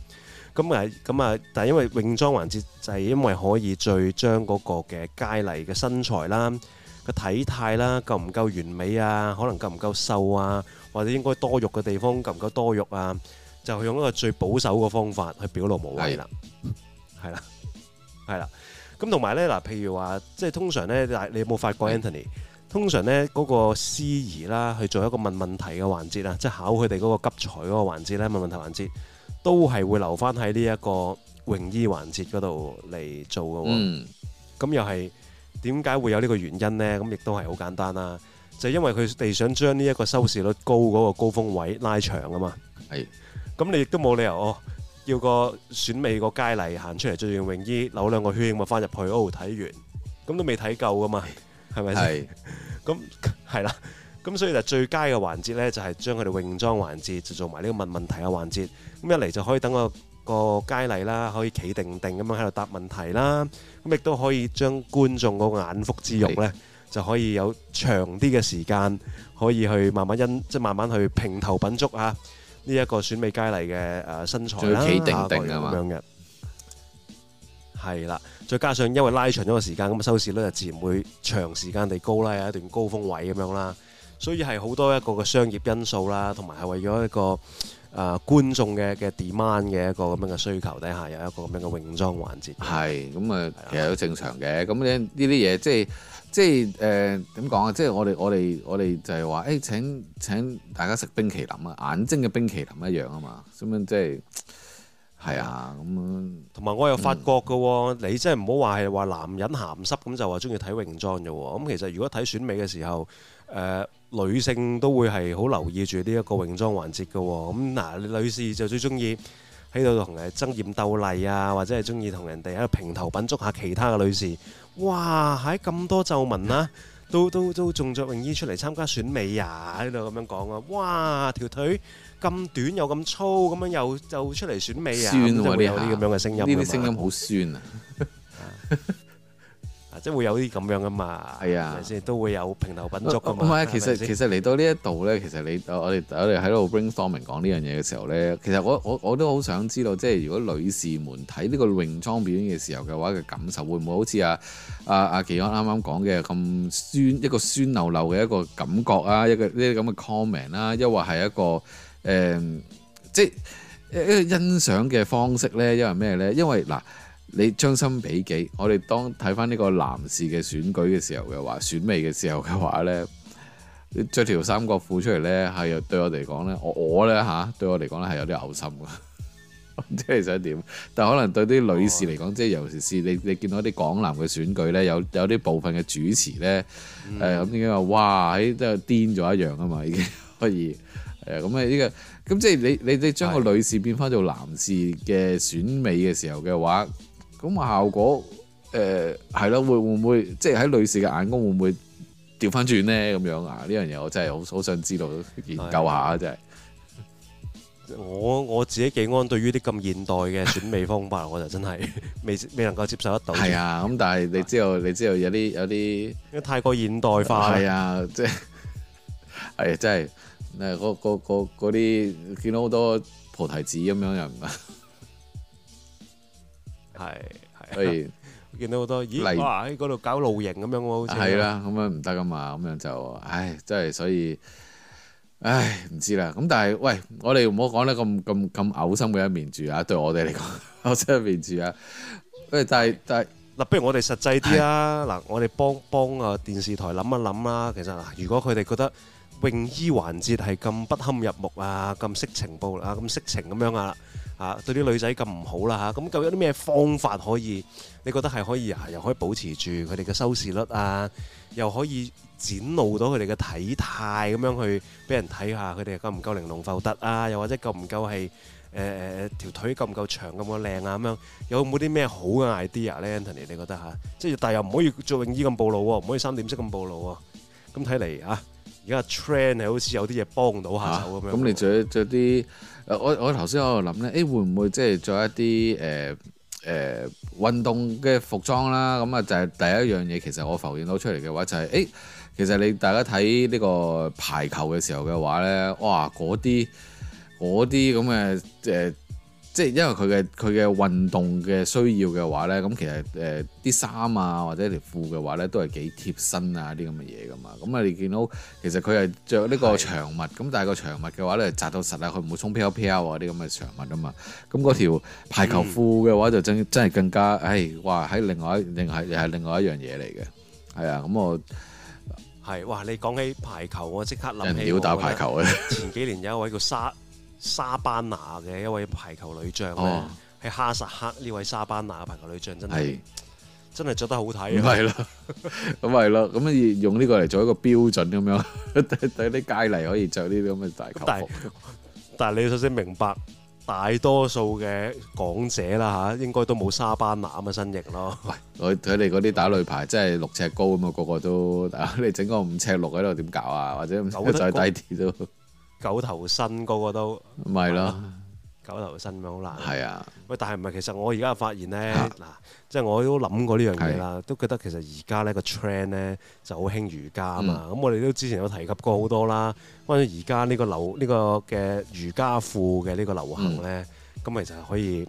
咁啊，咁啊，但係因為泳裝環節就係因為可以最將嗰個嘅佳麗嘅身材啦、個體態啦，夠唔夠完美啊？可能夠唔夠瘦啊？或者應該多肉嘅地方夠唔夠多肉啊？就用一個最保守嘅方法去表露無遺啦，係啦，係啦，咁同埋咧嗱，譬如話，即係通常咧，你你有冇發覺 Anthony 通常咧嗰個司儀啦去做一個問問題嘅環節啊，即係考佢哋嗰個急才嗰個環節咧問問題環節。都係會留翻喺呢一個泳衣環節嗰度嚟做嘅喎，咁又係點解會有呢個原因呢？咁亦都係好簡單啦，就係因為佢哋想將呢一個收視率高嗰個高峰位拉長啊嘛。係，咁你亦都冇理由哦，叫個選美個佳麗行出嚟著住泳衣扭兩個圈，咪翻入去哦睇完，咁都未睇夠噶嘛，係咪先？係，咁係啦。咁所以就最佳嘅環節呢，就係將佢哋泳裝環節就做埋呢個問問題嘅環節。咁一嚟就可以等個個佳麗啦，可以企定定咁樣喺度答問題啦。咁亦都可以將觀眾嗰個眼福之慾呢，就可以有長啲嘅時間可以去慢慢欣，即係慢慢去評頭品足啊。呢一個選美佳麗嘅誒身材啦，企定定咁樣嘅，係啦。再加上因為拉長咗個時間，咁收視率就自然會長時間地高啦，有一段高峯位咁樣啦。所以係好多一個個商業因素啦，同埋係為咗一個誒、呃、觀眾嘅嘅 demand 嘅一個咁樣嘅需求底下，有一個咁樣嘅泳裝環節。係咁啊，其實都正常嘅。咁咧呢啲嘢即係即係誒點講啊？即係、呃、我哋我哋我哋就係話誒請請大家食冰淇淋啊！眼睛嘅冰淇淋一樣係咪啊嘛，咁樣、哦嗯、即係係啊咁。同埋我又發覺㗎喎，你真係唔好話係話男人鹹濕咁就話中意睇泳裝嘅喎、哦。咁其實如果睇選美嘅時候誒。呃女性都會係好留意住呢一個泳裝環節嘅，咁嗱、呃，女士就最中意喺度同人爭豔鬥麗啊，或者係中意同人哋喺度評頭品足下其他嘅女士。哇，喺、哎、咁多皺紋啦，都都都仲著泳衣出嚟參加選美啊。喺度咁樣講啊！哇，條腿咁短又咁粗，咁樣又就出嚟選美啊？有啲咁樣嘅聲音，呢啲聲音好酸啊！ 即係會有啲咁樣噶嘛，係啊、哎呀，係先都會有評頭品足噶、啊啊、其實是是其實嚟到呢一度呢，其實你我哋我哋喺度 brainstorming 講呢樣嘢嘅時候呢，其實我我我都好想知道，即係如果女士們睇呢個泳裝表演嘅時候嘅話，嘅感受會唔會好似啊啊啊！琪安啱啱講嘅咁酸，一個酸溜溜嘅一個感覺啊，一個呢啲咁嘅 comment 啦、啊，又或係一個誒、呃，即係一個欣賞嘅方式呢？因為咩呢？因為嗱。你將心比己，我哋當睇翻呢個男士嘅選舉嘅時候嘅話，選美嘅時候嘅話咧，着條三角褲出嚟呢，係對我嚟講呢，我我咧嚇，對我嚟講呢，係有啲嘔心嘅，即係想點？但可能對啲女士嚟講，哦、即係尤其是你你見到啲港男嘅選舉呢，有有啲部分嘅主持呢，誒咁、嗯嗯、已經話哇喺都癲咗一樣啊嘛，已經不如，誒咁嘅呢個，咁即係你你你將個女士變翻做男士嘅選美嘅時候嘅話。嗯。咁效果誒係咯，會會唔會即係喺女士嘅眼光會唔會調翻轉咧？咁樣啊，呢樣嘢我真係好好想知道研究下啊！真係我我自己幾安，對於啲咁現代嘅選美方法，我就真係未未能夠接受得到係啊！咁但係你知道你知道有啲有啲，因為太過現代化係啊！即係係真係誒嗰啲見到好多菩提子咁樣人。係，所以 見到好多咦，例哇喺嗰度搞露營咁樣喎，好似係啦，咁樣唔得噶嘛，咁樣就，唉，真係所以，唉，唔知啦。咁但係，喂，我哋唔好講得咁咁咁嘔心嘅一面住啊。對我哋嚟講，我真係面住啊。喂，但係但係嗱，不如我哋實際啲啦。嗱的，我哋幫幫啊電視台諗一諗啦。其實嗱，如果佢哋覺得泳衣環節係咁不堪入目啊，咁色情暴啊，咁色情咁樣啊。嚇、啊、對啲女仔咁唔好啦嚇，咁、啊、究竟有啲咩方法可以？你覺得係可以啊？又可以保持住佢哋嘅收視率啊，又可以展露到佢哋嘅體態咁樣去俾人睇下，佢哋夠唔夠玲瓏浮得啊？又或者夠唔夠係誒誒條腿夠唔夠長咁樣靚啊？咁樣有冇啲咩好嘅 idea 咧 Anthony 你覺得嚇、啊？即係但係又唔可以著泳衣咁暴露喎、啊，唔可以三點式咁暴露喎、啊。咁睇嚟嚇。啊。而家 trend 係好似有啲嘢幫到下手咁樣、啊，咁你着着啲？誒，我我頭先我喺度諗咧，誒、欸、會唔會即係做一啲誒誒運動嘅服裝啦？咁啊就係第一樣嘢，其實我浮現到出嚟嘅話就係、是、誒、欸，其實你大家睇呢個排球嘅時候嘅話咧，哇嗰啲嗰啲咁嘅誒。即係因為佢嘅佢嘅運動嘅需要嘅話咧，咁其實誒啲衫啊或者條褲嘅話咧，都係幾貼身啊啲咁嘅嘢㗎嘛。咁啊你見到其實佢係着呢個長襪，咁的但係個長襪嘅話咧，扎到實啊，佢唔會鬆泡泡啊啲咁嘅長襪啊嘛。咁嗰條排球褲嘅話就真、嗯、真係更加，唉、哎、哇喺另外一另外又係另外一樣嘢嚟嘅，係啊，咁我係哇你講起排球，我即刻諗起人妖打排球啊！前幾年有一位叫沙。沙班拿嘅一位排球女將咧，係、哦、哈薩克呢位沙班拿嘅排球女將真係是真係着得好睇啊！咁係咯，咁係咯，咁啊用呢個嚟做一個標準咁樣，睇啲佳麗可以着呢啲咁嘅大球服。但係你首先明白，大多數嘅港姐啦嚇，應該都冇沙班拿咁嘅身形咯。佢佢哋嗰啲打女排真係六尺高咁啊，個個都，你整個五尺六喺度點搞啊？或者再低啲都。 九頭身個個都唔係咯，啦九頭身咪好難。係啊，喂，但係唔係其實我而家發現咧嗱，啊、即係我都諗過呢樣嘢啦，是都覺得其實而家咧個 trend 咧就好興瑜伽啊嘛。咁、嗯、我哋都之前有提及過好多啦，關於而家呢個流呢、呢個嘅瑜伽褲嘅呢個流行咧，咁、嗯、其實可以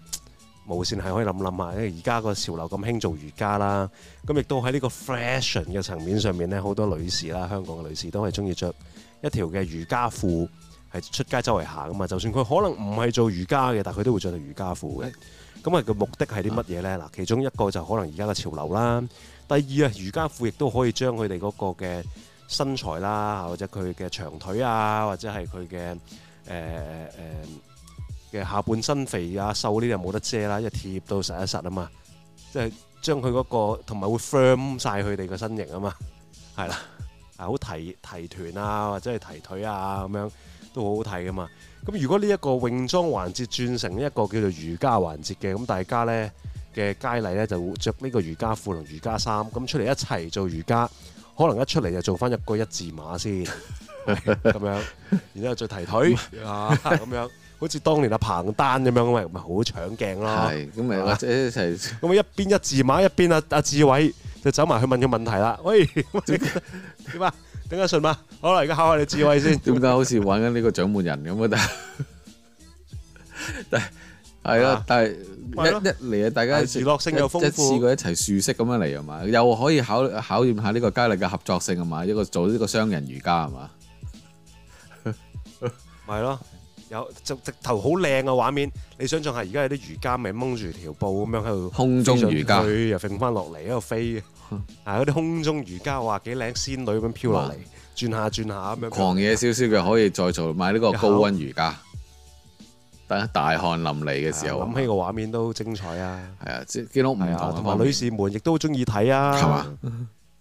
無線係可以諗諗啊，因為而家個潮流咁興做瑜伽啦，咁亦都喺呢個 fashion 嘅層面上面咧，好多女士啦，香港嘅女士都係中意着一條嘅瑜伽褲。係出街周圍行咁啊！就算佢可能唔係做瑜伽嘅，但佢都會著到瑜伽褲嘅。咁的啊，個目的係啲乜嘢咧？嗱，其中一個就可能而家嘅潮流啦。第二啊，瑜伽褲亦都可以將佢哋嗰個嘅身材啦，或者佢嘅長腿啊，或者係佢嘅誒誒嘅下半身肥啊瘦呢啲又冇得遮啦，一貼到實一實啊嘛，即係將佢嗰個同埋會 firm 晒佢哋個身形啊嘛，係啦，啊好提提臀啊，或者係提腿啊咁樣。都好好睇㗎嘛！咁如果呢一個泳裝環節轉成呢一個叫做瑜伽環節嘅，咁大家咧嘅佳麗咧就會着呢個瑜伽褲同瑜伽衫，咁出嚟一齊做瑜伽，可能一出嚟就做翻一個一字馬先，咁 樣，然後再提腿 啊，咁樣，好似當年阿彭丹咁樣，咪咪好搶鏡咯，係咁咪一齊，咁、嗯嗯、一邊一字馬一邊啊阿志偉就走埋去問個問題啦，喂點啊？ 頂得順嘛？好啦，而家考下你智慧先。點解 好似玩緊呢個掌門人咁得， 但係是係啊，但係是、啊、一一嚟啊，大家娛樂性又豐富一，一次過一齊舒適咁樣嚟啊嘛，又可以考考驗下呢個佳麗嘅合作性啊嘛，一個做呢個雙人瑜伽啊嘛，咪咯。有直頭好靚嘅畫面，你想象下，而家有啲瑜伽咪掹住條布咁樣喺度空中瑜伽，佢又揈翻落嚟喺度飛，係嗰啲空中瑜伽話，幾靚，仙女咁樣飄落嚟，轉、啊、下轉下咁樣。狂野少少嘅可以再做，買呢個高溫瑜伽。有等大汗淋漓嘅時候，諗、啊、我起個畫面都精彩啊！係啊，見到唔同同埋、啊、女士們亦都好中意睇啊，係嘛？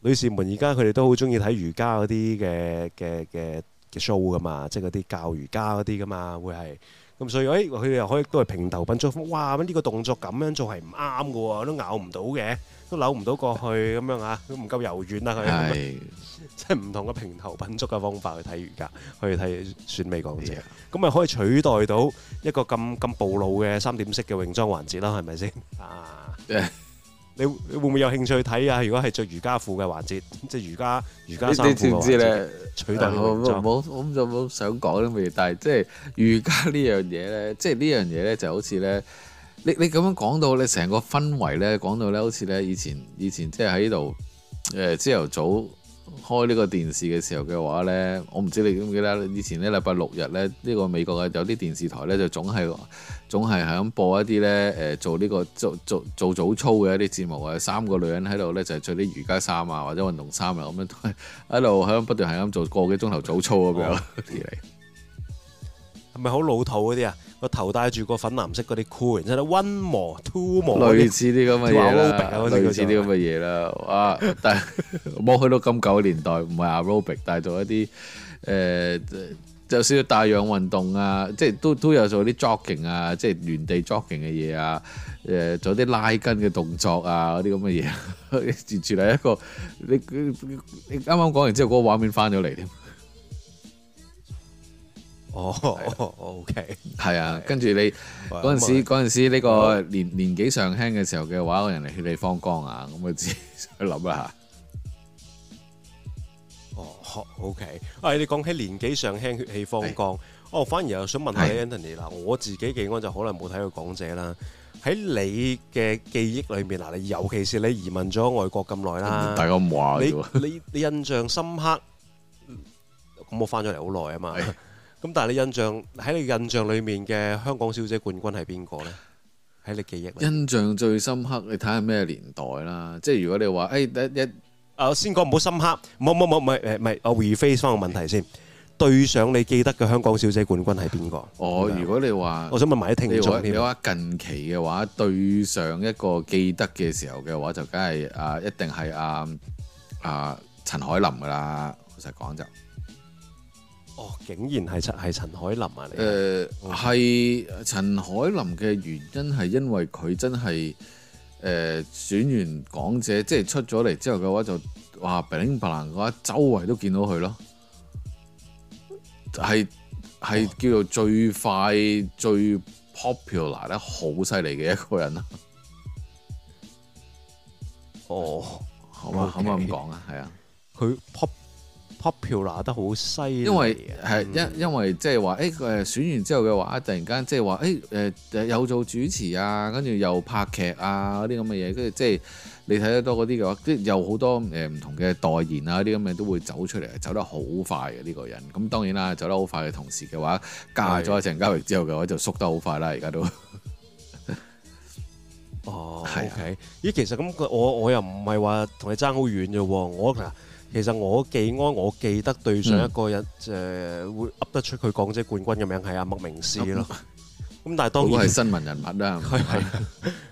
女士們而家佢哋都好中意睇瑜伽嗰啲嘅嘅嘅嘅 show 㗎嘛，即係嗰啲教瑜伽嗰啲㗎嘛，會係咁所以，誒佢哋又可以都係評頭品足，哇！咁、這、呢個動作咁樣做係唔啱嘅，都咬唔到嘅，都扭唔到過去咁樣啊，都唔夠柔軟啊佢，係的即係唔同嘅評頭品足嘅方法去睇瑜伽，去睇選美港姐，咁咪的可以取代到一個咁咁暴露嘅三點式嘅泳裝環節啦，係咪先啊？ 你你會唔會有興趣睇啊？如果係着瑜伽褲嘅環節，即係瑜伽瑜伽衫褲嘅環節。你知唔知咧？取代呢個就冇冇就冇想講啲咩，但係即係瑜伽呢樣嘢咧，即係呢樣嘢咧就好似咧，你你咁樣講到咧，成個氛圍咧，講到咧好似咧以前以前即係喺度誒朝頭早開呢個電視嘅時候嘅話咧，我唔知你記唔記得以前咧禮拜六日咧呢個美國嘅有啲電視台咧就總係。總係喺咁播一啲咧，誒、呃，做呢、這個做做做早操嘅一啲節目啊，三個女人喺度咧就係着啲瑜伽衫啊或者運動衫啊咁樣，一路喺度不斷係咁做個幾鐘頭早操咁樣嚟，係咪好老土嗰啲啊？個頭戴住個粉藍色嗰啲箍，然之後 One more, two more 類似啲咁嘅嘢類似啲咁嘅嘢啦，哇、 啊！但係冇去到咁舊嘅年代，唔係啊 Aerobic 但係做一啲誒。呃有少少帶氧運動啊，即係都都有做啲 jogging 啊，即係原地 jogging 嘅嘢啊，誒做啲拉筋嘅動作啊，嗰啲咁嘅嘢。住住係一個你你啱啱講完之後，嗰、嗰個畫面翻咗嚟添。哦、oh，OK，係啊， 跟住你嗰陣 時嗰 時呢個年 年，年紀尚輕嘅時候嘅話，人哋血氣方剛啊，咁啊知諗啦嚇。O K，誒你講起年紀尚輕，血氣方剛，是哦，反而又想問下 Anthony 啦是。我自己記憶就好耐冇睇過港姐啦。喺你嘅記憶裏面嗱，你尤其是你移民咗外國咁耐啦，大家唔話你你,你印象深刻。咁 我翻咗嚟好耐啊嘛，咁是但係你印象喺你印象裏面嘅香港小姐冠軍係邊個咧？喺你記憶印象最深刻，你睇下咩年代啦。即係如果你話誒一一。欸欸欸欸啊！先講好深刻，冇冇冇，唔係誒，唔係阿會飛翻嘅問題先。對上你記得嘅香港小姐冠軍係邊個？哦，如果你話，我想問埋啲聽眾。你話近期嘅話，對上一個記得嘅時候嘅話，就梗係啊，一定係阿阿陳凱琳噶啦，實講就。哦，竟然係陳係陳凱琳啊！你誒係、呃、Okay. 陳凱琳嘅原因係因為佢真係。誒、呃、選完港姐即係出咗嚟之後嘅話就哇 bling bling 嘅話， 哇周圍都見到佢咯，係係 叫做最快 最 popular 咧，好犀利嘅一個人啊！哦、 oh, okay.，可唔可咁講啊？係啊，佢 pop。票拿得好犀利，因為係因、嗯、因為即係話誒，選完之後嘅話，突然間即係話誒，誒有做主持啊，跟住又拍劇啊，啲咁嘅嘢，跟住即係你睇得多嗰啲嘅話，即係有好多誒唔、呃、同嘅代言啊，啲咁嘅都會走出嚟，走得好快嘅呢、這個人。咁當然啦，走得好快嘅同時嘅話，嫁咗陳嘉榮之後嘅話就縮得好快啦，而家都。哦，OK，咦，哎、呀 其實咁我我又唔係話同你爭好遠嘅我其實我記安，我記得對上一個人就會噏得出佢講者冠軍嘅名係阿麥明斯咯。咁、uh huh. 但係當然都係新聞人物啦、啊。佢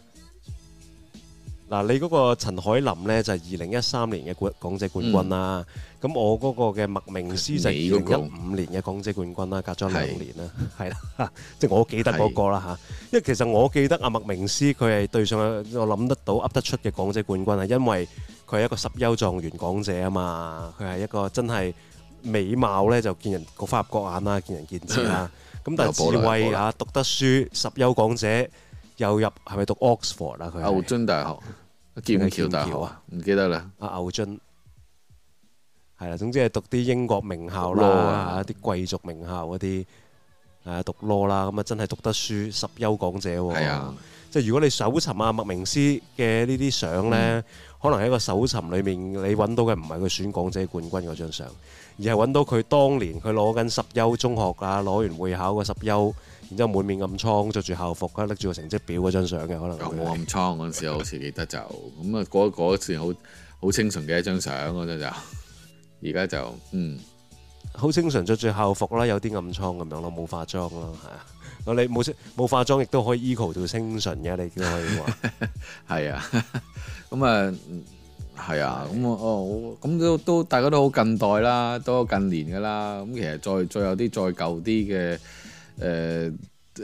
嗱，你嗰個陳凱琳咧就係二零一三年嘅港港姐冠軍啦，咁我嗰個嘅麥明詩就二零一五年嘅港姐冠軍啦，隔咗兩年啦，係啦，即係我記得嗰個啦嚇，因為其實我記得阿麥明詩佢係對上我諗得到噏得出嘅港姐冠軍，係因為佢係一個十優狀元港姐啊嘛，佢係一個真係美貌咧就見人各花入各眼啦，見仁見智啦，咁但係智慧嚇，讀得書十優港姐，又入係咪讀 Oxford 啊？佢牛津大學。劍橋大學啊，唔記得啦。阿牛津係啦，總之係讀啲英國名校啦，啲貴哇族名校嗰啲。讀 law 啦，咁啊真係讀得書十優港姐喎，係啊，即係如果你搜尋啊麥明詩嘅呢啲相呢，嗯、可能喺一個搜尋裏面你揾到嘅唔係佢選港姐冠軍嗰張相，而係揾到佢當年佢攞緊十優中學啊，攞完會考個十優，然之後滿面暗瘡，着住校服，拎住個成績表嗰張相嘅可能。咁冇暗瘡嗰陣時，我好似記得就，咁啊嗰嗰時好好清純嘅一張相張相，嗰陣就，而家就嗯。好清純，着住校服啦，有啲暗瘡咁樣咯，冇化妝咯，係啊，你冇冇化妝亦都可以 equal 到清純嘅，你叫可以話係啊，咁啊，係啊的，咁我哦，咁都都大家都好近代啦，都有近年噶啦，咁其實再再有啲再舊啲嘅誒。呃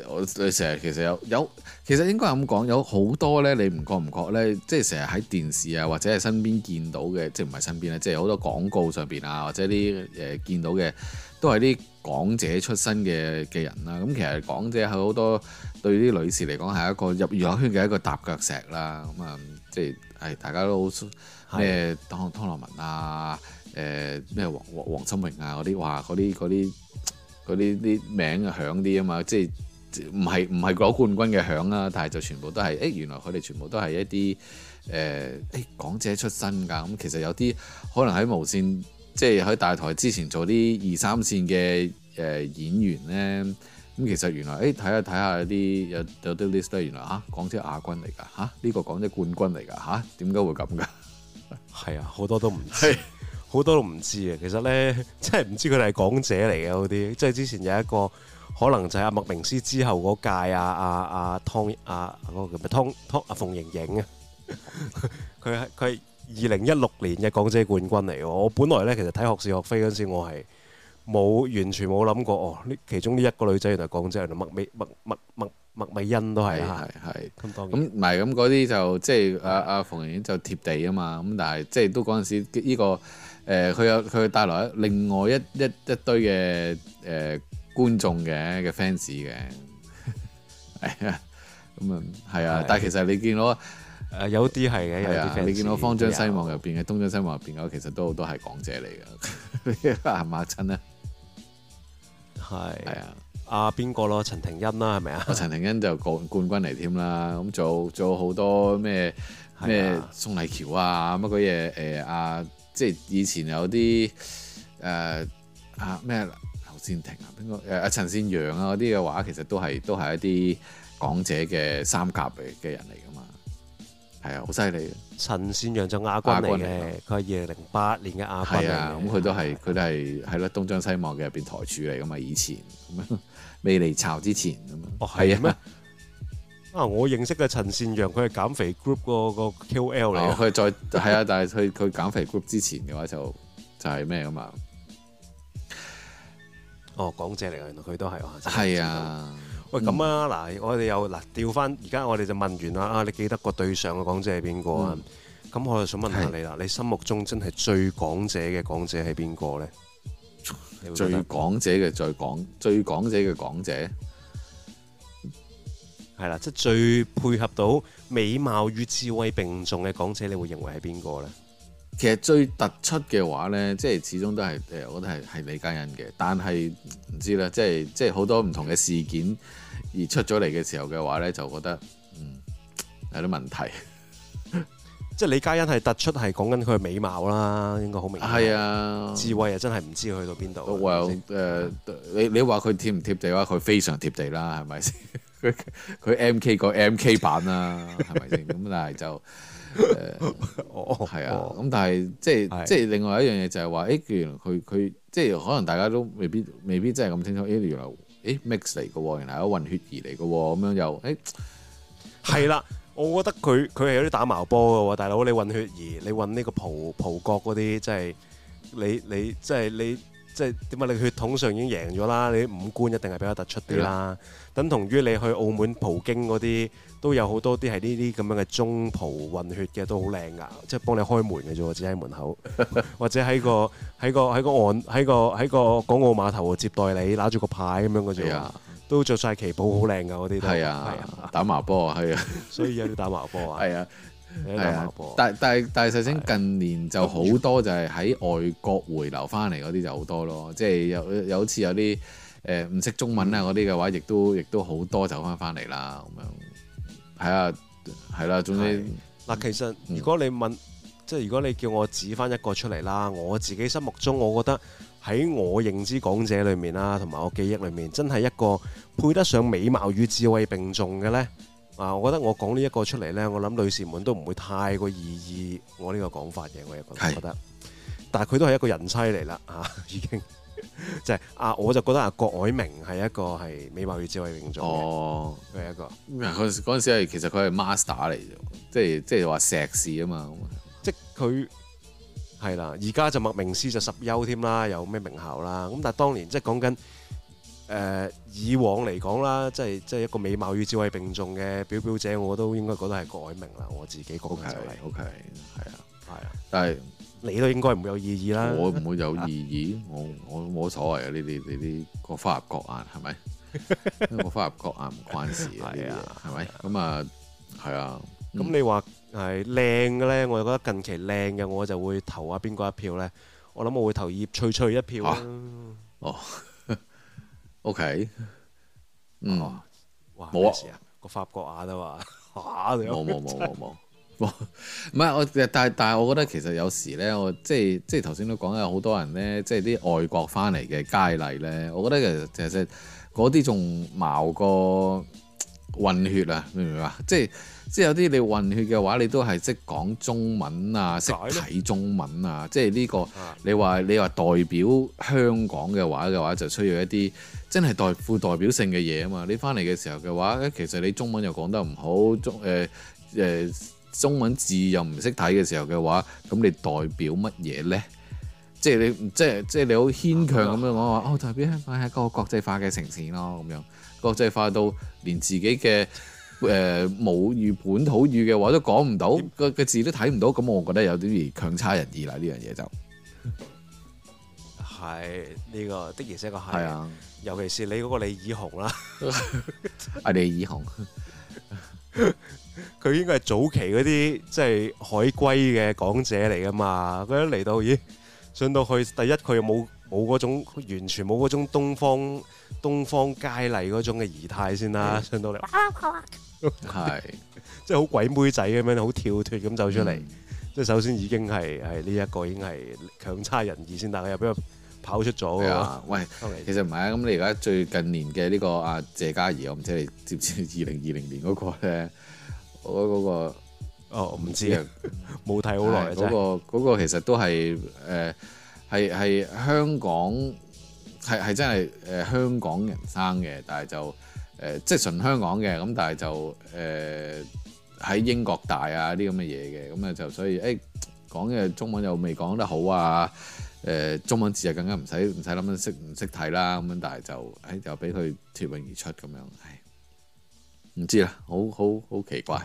我你成日其實有有，其實應該咁講，有好多咧，你唔覺唔覺咧，即係成日喺電視啊，或者係身邊見到嘅，即係唔係身邊咧，即係好多廣告上邊啊，或者啲誒、呃、見到嘅，都係啲港姐出身嘅嘅人啦、啊。咁、嗯、其實港姐係好多對啲女士嚟講係一個入娛樂圈嘅一個踏腳石啦。咁啊，嗯、即係係、哎、大家都好咩湯湯洛雯啊，誒咩黃黃黃心穎啊嗰啲，哇嗰啲嗰啲啲啲名啊響啲啊嘛，即係。唔係唔係攞冠軍嘅響啦，但係就全部都係誒、欸，原來佢哋全部都係一啲誒誒港姐出身㗎。咁、嗯、其實有啲可能喺無線，即係喺大台之前做啲二三線嘅誒、呃、演員咧。咁、嗯、其實原來誒睇下睇下有啲有有啲 list 原來嚇、啊、港姐亞軍嚟㗎嚇，呢、啊這個港姐冠軍嚟㗎嚇，點解會咁㗎？係啊，好、啊、多都唔知，好是 多都唔知啊。 其實咧，真係唔知佢哋係港姐嚟嘅嗰啲，即、就、係、是、之前有一個。可能就係阿麥明詩之後嗰屆阿阿阿湯阿嗰個叫咩湯，湯阿馮盈盈啊，佢係佢係二零一六年嘅港姐冠軍嚟喎。我本來咧其實睇學是學非嗰陣時，我係冇完全冇諗過哦。呢其中呢一個女仔原來係港姐嚟，麥美麥麥麥麥美欣都係係係咁多嘅。咁唔係咁嗰啲就即係阿阿馮盈盈就貼地啊嘛。咁但係即係都嗰陣時呢個誒，佢有佢帶來另外一一一堆嘅誒。觀眾嘅嘅 fans 嘅，係啊，咁啊係啊，嗯哎、但係其實你見到誒有啲係嘅，有啲你見到方張西望入邊嘅，東張西望入邊嘅，其實都好多係港姐嚟㗎，係 咪、 哎、呀啊？真咧，係係啊，阿邊個咯？陳庭欣啦，係咪啊？陳庭欣，啊哎、欣就冠冠軍嚟添啦，咁做做好多咩咩宋麗橋啊，乜鬼嘢？誒啊，呃、啊，即係以前有啲誒啊咩？啊啊啊啊啊先停啊！邊個誒？陳善陽啊，嗰啲嘅話其實都係都係一啲港姐嘅三甲嘅嘅人嚟噶嘛？係啊，好犀利！啊！陳善陽就亞軍嚟嘅，佢係二零零八年嘅亞軍啊。咁佢都係佢都係係咯，東張西望嘅入邊台柱嚟噶嘛？以前未離巢之前咁啊？係啊、哦？咩 啊？我認識嘅陳善陽，佢係減肥 group 個、嗰個 KOL 嚟。佢、哦、再係啊， 但係佢佢減肥 group 之前嘅話就就係咩啊嘛？哦，港姐嚟㗎，原來佢都係啊，係啊，喂，咁、嗯、啊，嗱，我哋又嗱，調翻而家，我哋就問完啦啊，你記得個對上嘅港姐係邊個啊？咁、嗯、我就想問下你啦，是你心目中真係最港姐嘅港姐係邊個咧？最港姐嘅最港，最港姐嘅港姐，係啦、啊，即係最配合到美貌與智慧並重嘅港姐，你會認為係邊個咧？其實最突出嘅話咧，即係始終都係誒，我覺得係係李嘉欣嘅。但係唔知咧，即係即係好多唔同嘅事件而出咗嚟嘅時候嘅話咧，就覺得嗯有啲問題。即係李嘉欣係突出係講緊佢美貌啦，應該好明顯。係啊，智慧又真係唔知去到邊度。Well、呃呃、你你話佢貼唔貼地嘅話，佢非常貼地啦，係咪先？佢 MK 個 MK 版啦，係咪先？咁但係就。 誒，哦、 嗯，係 啊，咁但係是 即係即係另外一樣嘢就係話，誒是，原來佢佢即係可能大家都未必未必真係咁清楚，誒、欸欸，原來誒 mix 嚟嘅，原來混血兒嚟嘅，咁樣又誒，係、欸、啦， 我覺得佢佢係有啲打矛波嘅，大佬你混血兒，你混呢個葡葡國嗰啲，即係你你即係你。你即係點解你血統上已經贏咗啦，你五官一定係比較突出啲啦。啊、等同於你去澳門葡京嗰啲，都有好多啲係呢啲咁樣嘅中葡混血嘅都好靚㗎，即係幫你開門嘅啫，只喺門口，或者喺個喺個喺個岸，喺個喺個，個港澳碼頭接待你，拿住個牌咁樣嗰種，都着晒旗袍好靚㗎嗰啲都係啊，打麻波啊，係啊，所以有啲打麻波啊，係啊。係啊，但但係但係，細聲近年就好多就係喺外國回流翻嚟嗰啲就好多咯，即係有有好似有啲誒唔識中文啊嗰啲嘅話，亦都亦都好多走翻翻嚟啦，咁樣係啊，係啦，總之嗱，其實如果你問，嗯、即係如果你叫我指翻一個出嚟啦，我自己心目中，我覺得喺我認知港姐裡面啦，同埋我記憶裡面，真係一個配得上美貌與智慧並重嘅咧。啊，我覺得我講呢一個出嚟咧，我諗女士們都唔會太過異議我呢個講法嘅，我亦覺得。但係佢都係一個人妻嚟啦嚇，已經 就係、是、啊，我就覺得啊，郭藹明係一個係美貌與智慧並重哦，佢係一個嗰陣、嗯、時其實佢係 master 嚟嘅，即係即係話碩士啊嘛，即係佢係啦，而家就麥明詩就十優添啦，有咩名校啦咁，但係當年即係講緊。誒、呃、以往嚟講啦，即係即係一個美貌與智慧並重嘅表表姐，我都應該覺得係改名啦。我自己講嘅就係、是、OK，係、okay，啊，係啊。但係是你都應該唔會有意義啦。我唔會有意義，啊、我我冇所謂啊！呢啲呢啲各花入各 眼係咪？各花入各眼唔關事啊，係咪？咁啊，係啊。咁你話係靚嘅咧，我就覺得近期靚嘅，我就會投下邊個一票咧？我諗我會投葉翠翠一票咯、啊。哦、啊。Oh. O.K.、Mm hmm. 哇哇，冇啊個 法國亞都話嚇，冇冇冇冇冇冇，唔係我，但係但係我覺得其實有時咧，我即係即係頭先都講有好多人咧，即係啲外國翻嚟嘅佳麗咧，我覺得其實其實嗰啲仲矛過混血啊，明唔明啊？即係即係有啲你混血嘅話，你都係即係講中文啊，識睇中文啊，即係、這、呢個、嗯、你話你話代表香港嘅話嘅話，就需要一啲。真係代副代表性嘅嘢啊嘛！你翻嚟嘅時候嘅話，其實你中文又講得唔好，中誒誒、呃呃、中文字又唔識睇嘅時候嘅話，咁你代表乜嘢呢？即係你，即係即係你好牽強咁樣講話，哦，哦係嘅代表香港係一個國際化嘅城市咯，咁樣國際化到連自己嘅誒、呃、母語本土語嘅話都講唔到，個字都睇唔到，咁我覺得有啲而強差人意啦，呢樣嘢就。係呢、這個的確，然之一個係啊，尤其是你嗰個李以雄啦，阿李以雄，佢 應該係早期嗰啲即係海歸嘅港姐嚟噶嘛，佢一嚟到咦，上到去，第一佢又冇冇嗰種完全冇嗰種東方東方佳麗嗰種嘅儀態先啦、啊，的上到嚟，係 的 即係好鬼妹仔咁樣，好跳脱咁走出嚟，嗯、即係首先已經係係呢一個已經係強差人意先，但係又俾佢。跑出咗嚇、啊，喂，Okay. 其實唔係啊，咁你而家最近年嘅呢、這個阿、啊、謝家儀，我唔知你知唔知，二零二零年嗰個咧，我嗰、那個，哦，唔知啊，冇睇好耐，嗰個其實都係誒，係、呃、係香港，係係真係誒香港人生嘅，但係就誒即係純香港嘅，咁但係就誒喺、呃、英國大啊啲咁嘅嘢嘅，咁啊就所以誒講嘅中文又未講得好啊。誒、呃、中文字就更加唔使唔使諗緊識唔識睇啦，咁樣，但係就誒就俾佢脫穎而出咁樣，係唔知啦，好好好奇怪，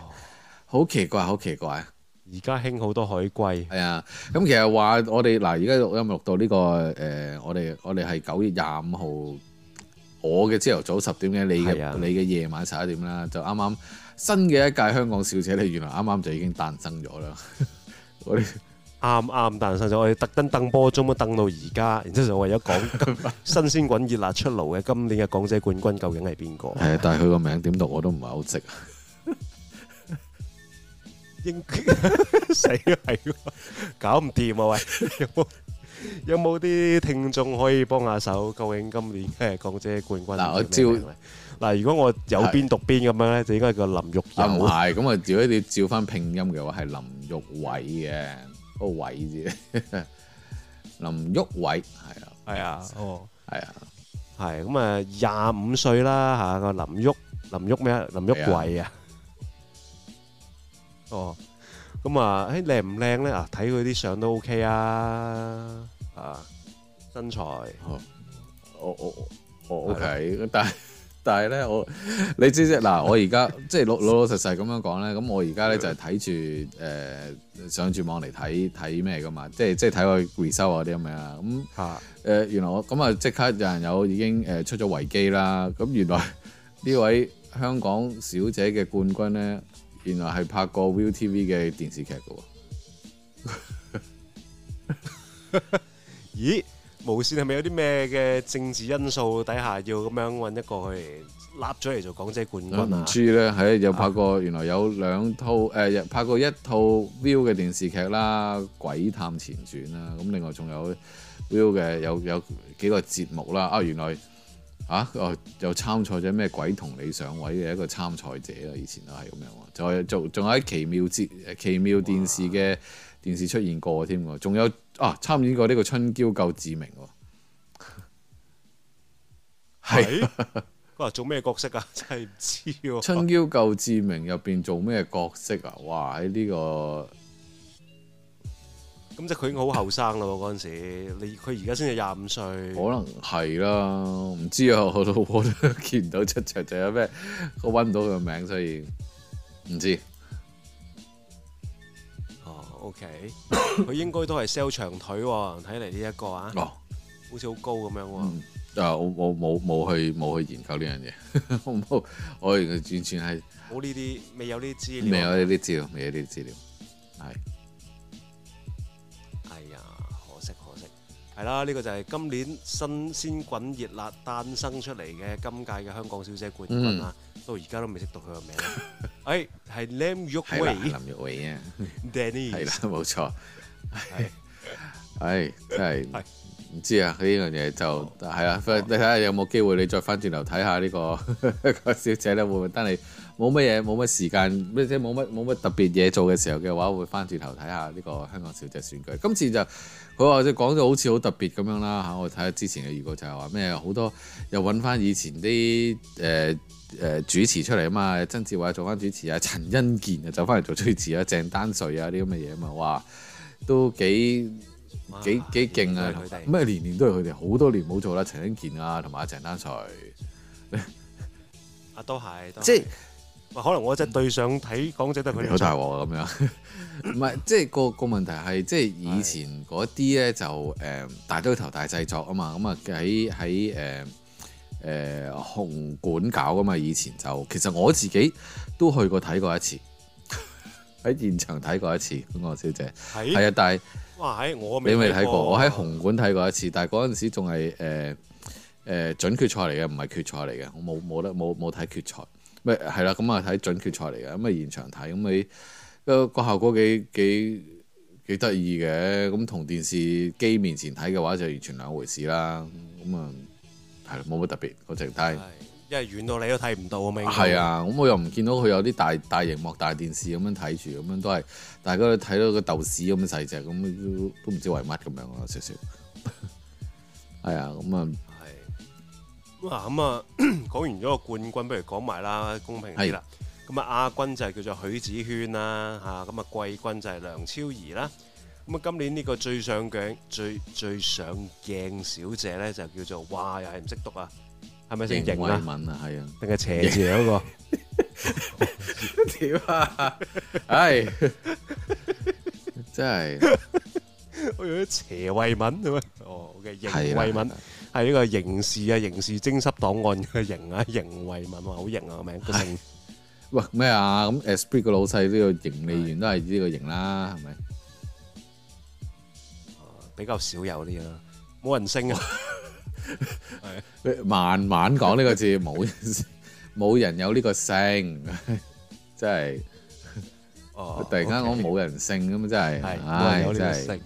好奇怪，好、哦、奇怪。而家興好多海歸。係啊，咁其實話我哋嗱，而家錄音錄到呢、這個誒、呃，我哋我哋係九月廿五號，我嘅朝頭早十點嘅，你嘅、啊、你嘅夜晚十一點啦，就啱啱新嘅一屆香港小姐咧，原來啱啱就已經誕生咗啦。我 啱啱，但係實在我哋特登登波中咁登到而家，然之後就為咗講新鮮滾熱辣出爐嘅今年嘅港姐冠軍究竟係邊個？係啊，但係佢個名點讀我都唔係好識。應死係，搞唔掂啊！喂，有冇有冇啲聽眾可以幫下手？究竟今年嘅港姐冠軍嗱我照嗱，如果我有邊讀邊咁樣咧，就應該係個林玉。唔係咁啊！如果你照翻拼音嘅話，係林玉偉嘅。個位啫，林旭偉，係啊，係啊，哦，係啊，係咁啊，廿五歲啦吓，個林旭林旭咩啊？林旭偉啊，哦，咁啊，誒，靚唔靚咧啊？睇佢啲相都 OK 啊，啊，身材，哦哦哦 OK，但係但係咧，我你知唔知嗱？我而家即係老老老實實咁樣講咧，咁我而家咧就係睇住誒。上住網嚟睇睇咩㗎嘛，即係即係睇佢回收嗰啲咁樣啦。咁誒、啊呃、原來我咁啊即刻有人有已經誒出咗維基啦。咁原來呢位香港小姐嘅冠軍咧，原來係拍過 ViuTV 嘅電視劇㗎喎。 咦？無線係咪有啲咩嘅政治因素底下要咁樣揾一個去？立咗嚟做港姐冠軍啊！唔知咧，係又拍過原來有兩套誒、欸，拍過一套 Viu 嘅電視劇啦，《鬼探前傳》啦。咁另外仲有 Viu 嘅有有幾個節目啦。啊，原來啊又、啊、參賽咗咩《鬼同你上位》嘅一個參賽者啦、啊，以前都係咁樣。就係做仲有奇妙節奇妙電視嘅電視出現過添喎。仲有啊，參演過呢個《春嬌救志明》喎是， 做咩角色啊？真係唔知喎、啊。春嬌救志明入邊做咩角色啊？哇！喺、這、呢個，咁即係佢已經好後生咯。嗰陣 時，你佢而家先至廿五歲，可能係啦，唔知啊。我都我都見唔到出場就有咩？我搵唔到佢個名，所以唔知。哦、oh，OK，佢 應該都係 sell 長腿喎、啊。睇嚟呢一個啊，好似好高咁樣、啊。Mm. 啊！我我冇冇去冇去研究呢樣嘢，我我我完全係冇呢啲，未有呢啲資料，未有呢啲資料，未有呢啲資料，係，哎呀，可惜可惜，係啦，呢個就係今年新鮮滾熱辣誕生出嚟嘅今屆嘅香港小姐冠軍啦，到而家都未識讀佢個名，哎，係林玉慧，林玉慧啊，Danny，係啦，冇錯，係，哎，真係。唔知、哦、啊，佢呢樣嘢就係啊，你睇下有冇機會、嗯、你再翻轉頭睇下呢個小姐咧，會唔會？但係冇乜嘢，冇乜時間，即冇乜冇乜特別嘢做嘅時候嘅話，會翻轉頭睇下呢個香港小姐選舉。今次就佢話即係講到好似好特別咁樣啦嚇，我睇下之前嘅預告就係話咩好多又揾翻以前啲誒誒主持出嚟啊嘛，曾志偉做翻主持啊，陳恩健啊走翻嚟做主持啊，鄭丹瑞啊啲咁嘅嘢啊嘛，哇都幾～幾幾勁啊！佢哋咁年年都係佢哋，好多年冇做啦。陳欣健啊，同埋阿鄭丹瑞，阿、啊、都係，都即係，可能我只對上睇港姐都係佢哋。好大鑊啊！咁樣唔係，即係個個問題係，即係以前嗰啲咧就誒是、嗯，大堆頭大製作啊嘛，咁啊喺喺誒誒紅館搞噶嘛，以前就其實我自己都去過睇過一次，喺 現場睇過一次，咁我小姐係啊是，但係。我你未睇過？我喺紅館睇過一次，但係嗰陣時仲係誒誒準決賽嚟嘅，唔係決賽嚟嘅。我冇冇得冇冇睇決賽，咪係啦。咁啊，睇準決賽嚟嘅，咁啊現場睇，咁你、個個效果幾幾幾得意嘅。咁同電視機面前睇嘅話，就完全兩回事啦。咁啊、嗯，係啦，冇乜特別，我淨睇。一係遠到你都睇唔到。我明，唔係啊，咁我又唔見到佢有啲大大螢幕大電視咁樣睇住，咁樣都係大家都睇到個豆豉咁細隻，咁都都唔知為乜咁樣啊！少少係 啊，咁、嗯、啊，係、嗯、啊，咁啊，講完咗個冠軍，不如講埋啦，公平啲啦。咁啊是，亞軍就係叫做許子萱啦，吓，咁啊，季軍就係梁超怡啦。咁啊，啊，今年呢個最上鏡、最最上鏡小姐咧，就叫做哇，又係唔識讀啊！係咪姓邢啊？定係斜字嗰個？屌啊！係真係我用啲斜衛文咁啊！哦，OK，邢衛文係呢個刑事啊，刑事偵緝檔案嘅邢啊，邢衛文啊，好型啊，名個名喂咩啊？咁誒，Esprit 個老細呢個營業員都係呢個邢啦，係咪？比較少有啲啦，冇人升啊！係慢慢講呢個字冇冇人有呢個聲，真係哦！突然間講冇人性咁啊，真係係冇呢個聲，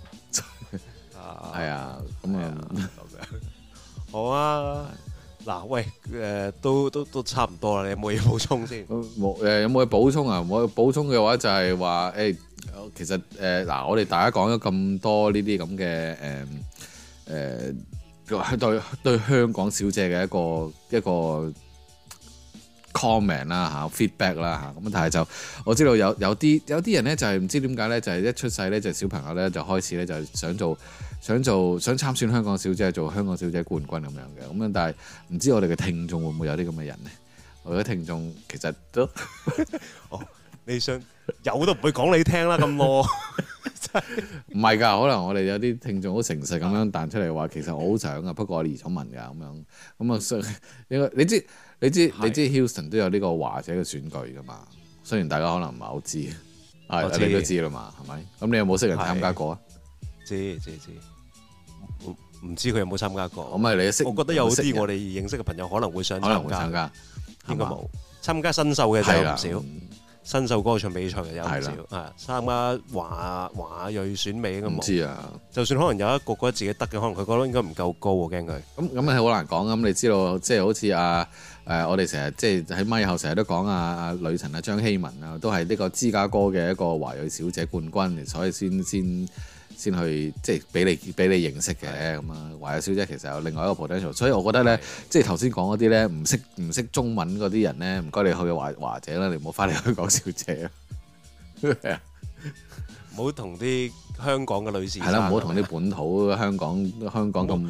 係啊咁啊，好啊！嗱，喂，誒，都都都差唔多啦，你有冇嘢補充先？冇誒，有冇嘢補充啊？冇補充嘅話就係話誒，其實誒，嗱，我哋大家講咗咁多呢啲咁嘅誒誒。又係對，對香港小姐嘅一個一個 comment 啦嚇，feedback 啦嚇，咁但係就我知道有有啲有啲人咧就係、是、唔知點解咧就係、是、一出世咧就是、小朋友咧就開始咧就係、是、想做想做想參選香港小姐做香港小姐冠軍咁樣嘅，咁但係唔知我哋嘅聽眾會唔會有啲咁嘅人咧？我哋嘅聽眾其實都、 哦，你想，有都唔會講你聽啦咁多。 唔係噶，可能我哋有啲聽眾好誠實咁樣彈出嚟，話，其實我好想噶，不過我而家文問噶咁樣，咁啊，你知你知你知 Hilton 都有呢個華姐嘅選舉噶嘛？雖然大家可能唔係好知，啊，你都知啦嘛，係咪？咁你有冇識人參加過啊？知知知，唔知佢有冇參加過？我咪你我覺得有啲我哋認識嘅朋友可能會想參加噶，應該冇參加新秀嘅就有唔少。新秀歌唱比賽嘅有唔少，啊是三啊華華裔選美咁，唔知啊，就算可能有一個覺得自己得嘅，可能佢覺得應該唔夠高，我驚佢麼。咁咁係好難講咁。你知道即係、就是、好似阿誒，我哋成日即係喺麥後成日都講啊，阿呂晨啊、張希文啊，都係呢個芝加哥嘅一個華裔小姐冠軍嚟，所以先先。先去即係俾你俾你認識嘅咁啊！華姐小姐其實有另外一個 potential，所以我覺得咧，即係頭先講嗰啲咧唔識唔識中文嗰啲人咧，唔該你去華華姐啦，你唔好翻嚟香港小姐。唔好同啲香港嘅女士。係啦，唔好同啲本土香港香港咁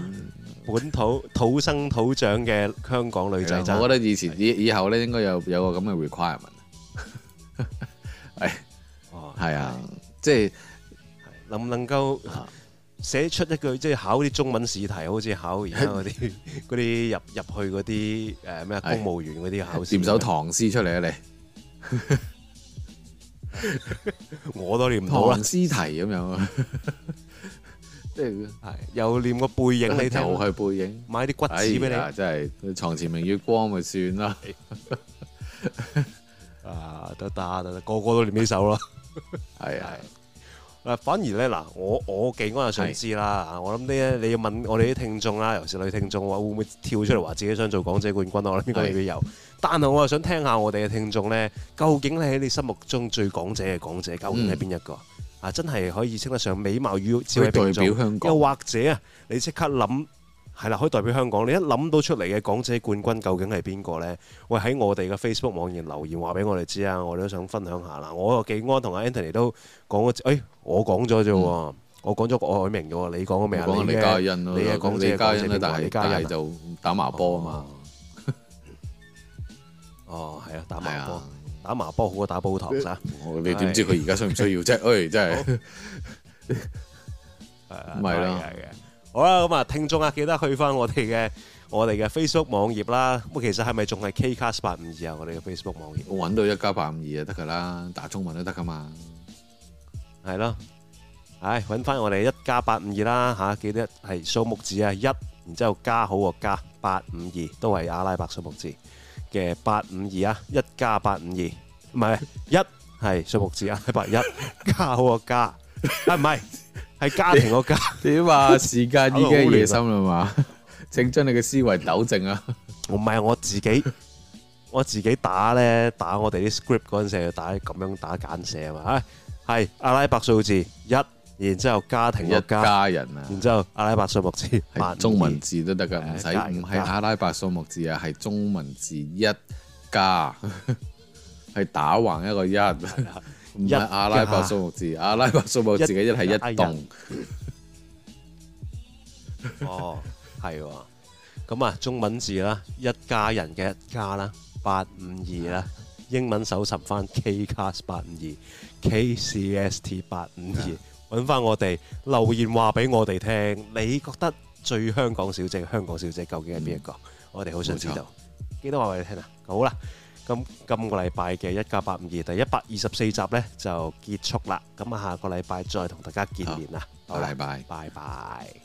本土土生土長嘅香港女仔。我覺得以前以以後咧應該有有個咁嘅 requirement。係，係啊，即係。能唔能夠寫出一句，即係考啲中文試題，好似考而家嗰啲啲入入去嗰啲誒咩公務員嗰啲考試？念首唐詩出嚟啊！你我都念唔到啦。唐詩題咁樣啊，即係係又念個背影你，頭去背影買啲骨子俾你，真係床前明月光咪算啦。啊得得得，個個都念起首咯，係啊。反而咧，嗱，我我幾安又想知啦，是我諗呢，你要問我哋啲聽眾啦，尤其是女聽眾，話會唔會跳出嚟話自己想做港姐冠軍， 我諗邊個未必有是。但係我又想聽下我哋嘅聽眾咧，究竟咧你喺你心目中最港姐嘅港姐究竟係邊一個？嗯、啊，真係可以稱得上美貌與智慧並重，又或者啊，你即刻諗？係啦，可以代表香港。你一諗到出嚟嘅港姐冠軍究竟係邊個咧？喂，喺我哋嘅 Facebook 網頁留言話俾我哋知啊！我哋都想分享下啦。我紀安同阿 Anthony 都講咗，哎，我講咗啫喎，我講咗郭藹明嘅喎，你講咗未？李嘉欣咯，李嘉欣啊，大李嘉欣就打麻波啊嘛。哦，係啊，打麻波，打麻波好過打煲呔啊！你點知佢而家需唔需要啫？哎，真係，係啊，咁咪係嘅。好啦，咁啊，聽眾啊，記得去翻我哋嘅我哋嘅 Facebook 網頁啦。咁其實係咪仲係 KCast 852啊？我哋嘅 Facebook 網頁，我揾到一加八五二就得㗎啦，打中文都得㗎嘛。係咯，唉，揾翻我哋一加八五二啦吓，記得係數目字啊一，1，然之後加好個加八五二，52，都係阿拉伯數目字嘅八五二啊，一加八五二唔係一係數目字啊，八一 加好個加啊唔係。哎 係家庭個家，點 啊？時間已經係夜深啦嘛， 請將你嘅思維糾正啊！唔係我，我自己，我自己打咧打我哋啲 script 嗰陣時，要打咁樣打簡寫啊嘛，係、哎、阿拉伯數字一，然之後家庭個家，一家人啊，然之後阿拉伯數目字，係中文字都得噶，唔使唔係阿拉伯數目字啊，係中文字一家」，係打橫一個一。唔係阿拉伯數字，一啊、阿拉伯數字嘅一係一棟、哎呀。 哦，係喎、啊。咁、嗯、啊，中文字啦，一家人嘅一家啦，八五二啦。嗯、英文搜尋翻 K Cast 八五二，K C S T 八五二，揾翻、嗯、我哋留言話俾我哋聽，你覺得最香港小姐、香港小姐究竟係邊一個？嗯、我哋好想知道。記得話俾你聽啊。好啦。好。今個禮拜嘅一家八五二第一百二十四集呢就結束啦！咁下個禮拜再同大家見面啦，拜好對拜拜，拜拜。